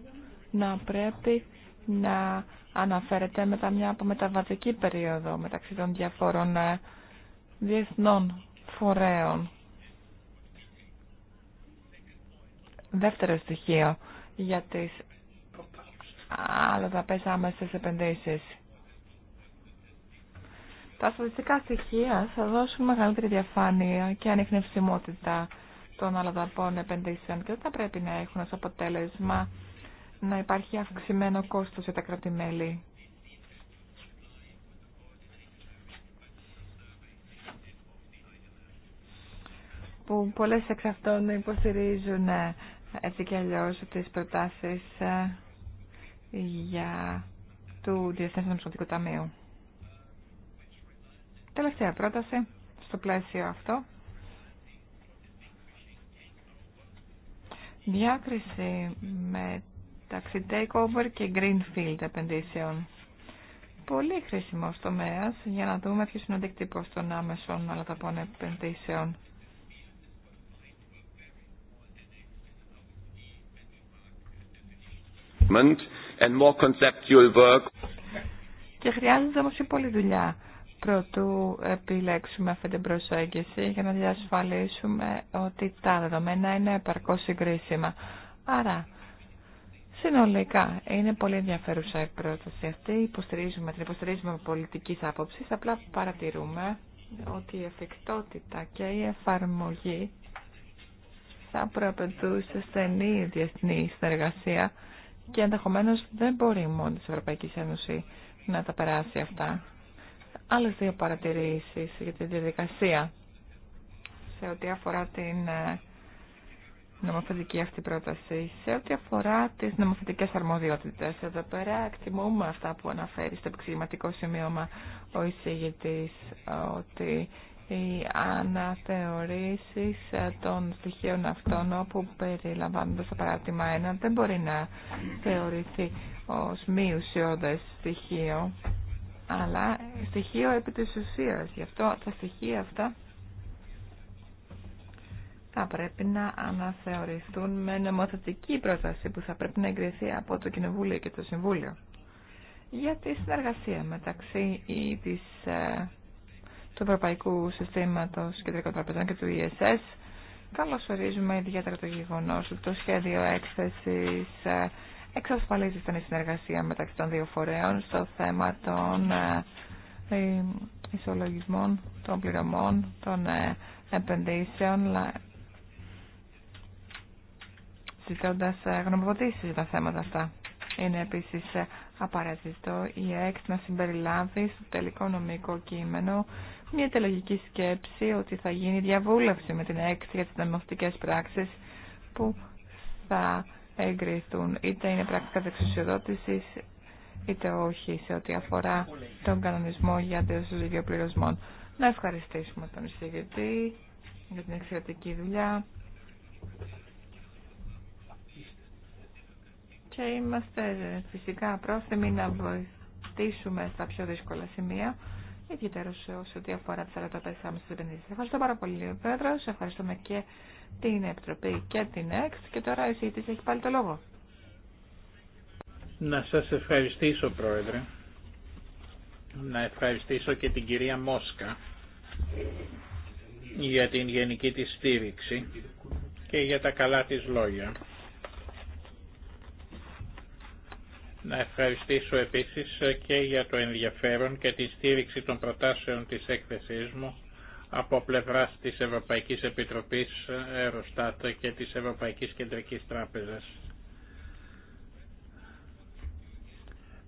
να πρέπει να αναφέρεται μετά μια απομεταβατική περίοδο μεταξύ των διαφόρων ε, διεθνών φορέων Δεύτερο στοιχείο για τις αλλοδαπές άμεσες επενδύσεις. Τα στατιστικά στοιχεία θα δώσουν μεγαλύτερη διαφάνεια και ανιχνευσιμότητα των αλλοδαπών επενδύσεων και δεν θα πρέπει να έχουν ως αποτέλεσμα να υπάρχει αυξημένο κόστος για τα κρατημέλη. που πολλές εξ αυτών υποστηρίζουν έτσι και αλλιώς τις προτάσεις ε, για του Διεθνέ Νομισματικού Ταμείου. Τελευταία πρόταση στο πλαίσιο αυτό. Διάκριση μεταξύ takeover και greenfield επενδύσεων. Πολύ χρήσιμο τομέα για να δούμε ποιο είναι ο αντίκτυπο των άμεσων αλλαταπών επενδύσεων. and more conceptual work. Και χρειάζεται όμως και πολλή δουλειά προτού επιλέξουμε αυτή την προσέγγιση για να διασφαλίσουμε ότι τα δεδομένα είναι επαρκώς συγκρίσιμα. Άρα, συνολικά, είναι πολύ ενδιαφέρουσα η πρόταση αυτή. Υποστηρίζουμε, την υποστηρίζουμε πολιτικής άποψης, απλά παρατηρούμε ότι η εφικτότητα και η εφαρμογή θα προαπαιτούσε στενή διεθνή συνεργασία και ενδεχομένω δεν μπορεί μόνο της Ευρωπαϊκή Ένωση να τα περάσει αυτά. Άλλες δύο παρατηρήσεις για τη διαδικασία σε ό,τι αφορά την ε, νομοθετική αυτή πρόταση. Σε ό,τι αφορά τις νομοθετικές αρμοδιότητες, εδώ πέρα εκτιμούμε αυτά που αναφέρει στο επεξηγηματικό σημείωμα ο εισηγητής, ότι οι αναθεωρήσεις ε, των στοιχείων αυτών όπου περιλαμβάνονται στο παράδειγμα 1 δεν μπορεί να θεωρηθεί ως μη ουσιώδες στοιχείο αλλά στοιχείο επί της ουσίας. Γι' αυτό τα στοιχεία αυτά θα πρέπει να αναθεωρηθούν με νομοθετική πρόταση που θα πρέπει να εγκριθεί από το Κοινοβούλιο και το Συμβούλιο για τη συνεργασία μεταξύ της ε, του Ευρωπαϊκού Συστήματο Κεντρικών Τραπεζών και του ESS. Καλώ ορίζουμε ιδιαίτερα το γεγονό ότι το σχέδιο έκθεση ε, εξασφαλίζει στενή συνεργασία μεταξύ των δύο φορέων στο θέμα των ε, ε, ισολογισμών, των πληρωμών, των επενδύσεων, ζητώντα γνωμοδοτήσει για τα θέματα αυτά. Είναι επίση απαραίτητο η ΕΚΤ να συμπεριλάβει στο τελικό νομικό κείμενο μια τελογική σκέψη ότι θα γίνει διαβούλευση με την έκθεση για τις νομοθετικές πράξεις που θα εγκριθούν. Είτε είναι πράξη κατεξουσιοδότησης είτε όχι σε ό,τι αφορά τον κανονισμό για το συζύγιο Να ευχαριστήσουμε τον εισηγητή για την εξαιρετική δουλειά. Και είμαστε φυσικά πρόθυμοι να βοηθήσουμε στα πιο δύσκολα σημεία ιδιαίτερω σε ό,τι αφορά τι αεροτοπέ άμεσε επενδύσει. Ευχαριστώ πάρα πολύ, Πέτρο. Ευχαριστούμε και την Επιτροπή και την ΕΚΣ. Και τώρα η συζήτηση έχει πάλι το λόγο. Να σας ευχαριστήσω, Πρόεδρε. Να ευχαριστήσω και την κυρία Μόσκα για την γενική της στήριξη και για τα καλά της λόγια. Να ευχαριστήσω επίσης και για το ενδιαφέρον και τη στήριξη των προτάσεων της έκθεσής μου από πλευράς της Ευρωπαϊκής Επιτροπής Eurostat και της Ευρωπαϊκής Κεντρικής Τράπεζας.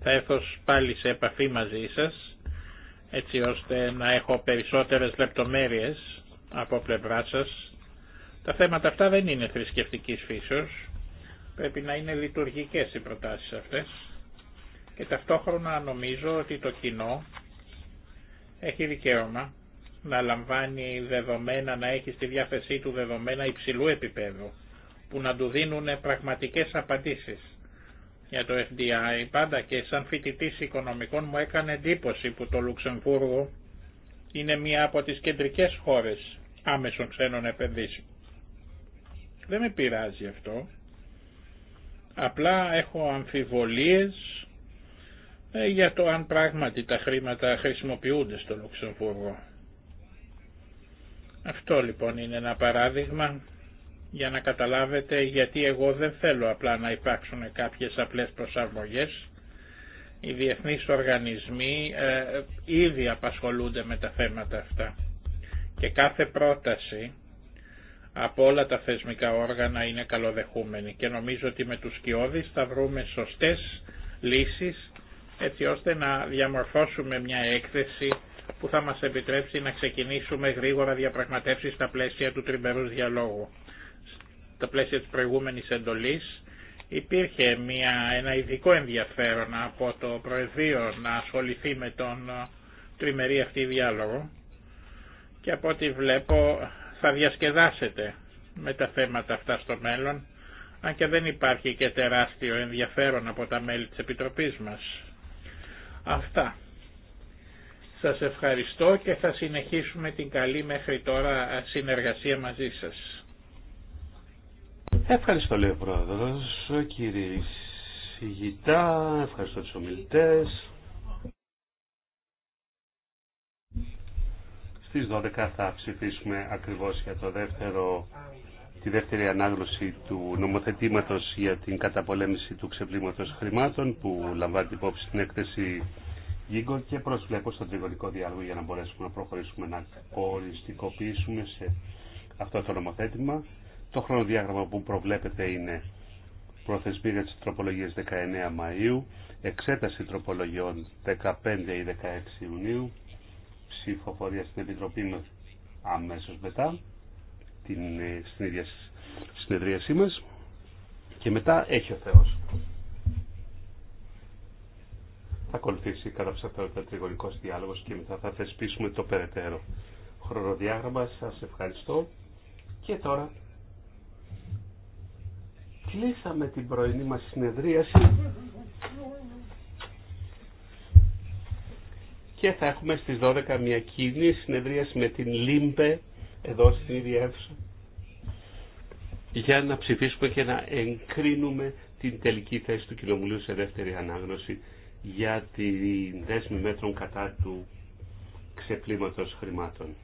Θα έρθω πάλι σε επαφή μαζί σας έτσι ώστε να έχω περισσότερες λεπτομέρειες από πλευρά σας. Τα θέματα αυτά δεν είναι θρησκευτικής φύσεως, πρέπει να είναι λειτουργικές οι προτάσεις αυτές. Και ταυτόχρονα νομίζω ότι το κοινό έχει δικαίωμα να λαμβάνει δεδομένα, να έχει στη διάθεσή του δεδομένα υψηλού επίπεδου που να του δίνουν πραγματικές απαντήσεις για το FDI. Πάντα και σαν φοιτητή οικονομικών μου έκανε εντύπωση που το Λουξεμβούργο είναι μία από τις κεντρικές χώρες άμεσων ξένων επενδύσεων. Δεν με πειράζει αυτό. Απλά έχω αμφιβολίες ε, για το αν πράγματι τα χρήματα χρησιμοποιούνται στο Λουξεμβούργο. Αυτό λοιπόν είναι ένα παράδειγμα για να καταλάβετε γιατί εγώ δεν θέλω απλά να υπάρξουν κάποιες απλές προσαρμογές. Οι διεθνείς οργανισμοί ε, ήδη απασχολούνται με τα θέματα αυτά και κάθε πρόταση από όλα τα θεσμικά όργανα είναι καλοδεχούμενη και νομίζω ότι με τους σκιώδεις θα βρούμε σωστές λύσεις έτσι ώστε να διαμορφώσουμε μια έκθεση που θα μας επιτρέψει να ξεκινήσουμε γρήγορα διαπραγματεύσεις στα πλαίσια του τριμερούς διαλόγου. Στα πλαίσια της προηγούμενης εντολής υπήρχε μια, ένα ειδικό ενδιαφέρον από το Προεδρείο να ασχοληθεί με τον ε, τριμερή αυτή διάλογο και από ό,τι βλέπω θα διασκεδάσετε με τα θέματα αυτά στο μέλλον αν και δεν υπάρχει και τεράστιο ενδιαφέρον από τα μέλη της Επιτροπής μας. Αυτά. Σας ευχαριστώ και θα συνεχίσουμε την καλή μέχρι τώρα συνεργασία μαζί σας. Ευχαριστώ λέει ο Πρόεδρος, κύριε Συγητά, ευχαριστώ τους ομιλητές. Στις 12 θα ψηφίσουμε ακριβώς για το δεύτερο τη δεύτερη ανάγνωση του νομοθετήματος για την καταπολέμηση του ξεπλήματος χρημάτων που λαμβάνει υπόψη στην έκθεση Γίγκο και προσβλέπω στον τριγωνικό διάλογο για να μπορέσουμε να προχωρήσουμε να οριστικοποιήσουμε σε αυτό το νομοθέτημα. Το χρονοδιάγραμμα που προβλέπεται είναι προθεσμία για τις τροπολογίες 19 Μαΐου, εξέταση τροπολογιών 15 ή 16 Ιουνίου, ψηφοφορία στην Επιτροπή αμέσως μετά την, ε, στην ίδια συνεδρίασή μας και μετά έχει ο Θεός. Θα ακολουθήσει κατά ο τριγωνικός διάλογος και μετά θα θεσπίσουμε το περαιτέρω χρονοδιάγραμμα. Σας ευχαριστώ και τώρα κλείσαμε την πρωινή μας συνεδρίαση και θα έχουμε στις 12 μια κοινή συνεδρίαση με την Λίμπε εδώ στην ίδια αίθουσα για να ψηφίσουμε και να εγκρίνουμε την τελική θέση του Κοινοβουλίου σε δεύτερη ανάγνωση για τη δέσμη μέτρων κατά του ξεπλήματος χρημάτων.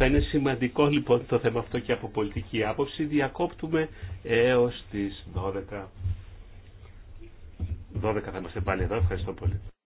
Θα είναι σημαντικό λοιπόν το θέμα αυτό και από πολιτική άποψη. Διακόπτουμε έως τις 12. 12 θα είμαστε πάλι εδώ. Ευχαριστώ πολύ.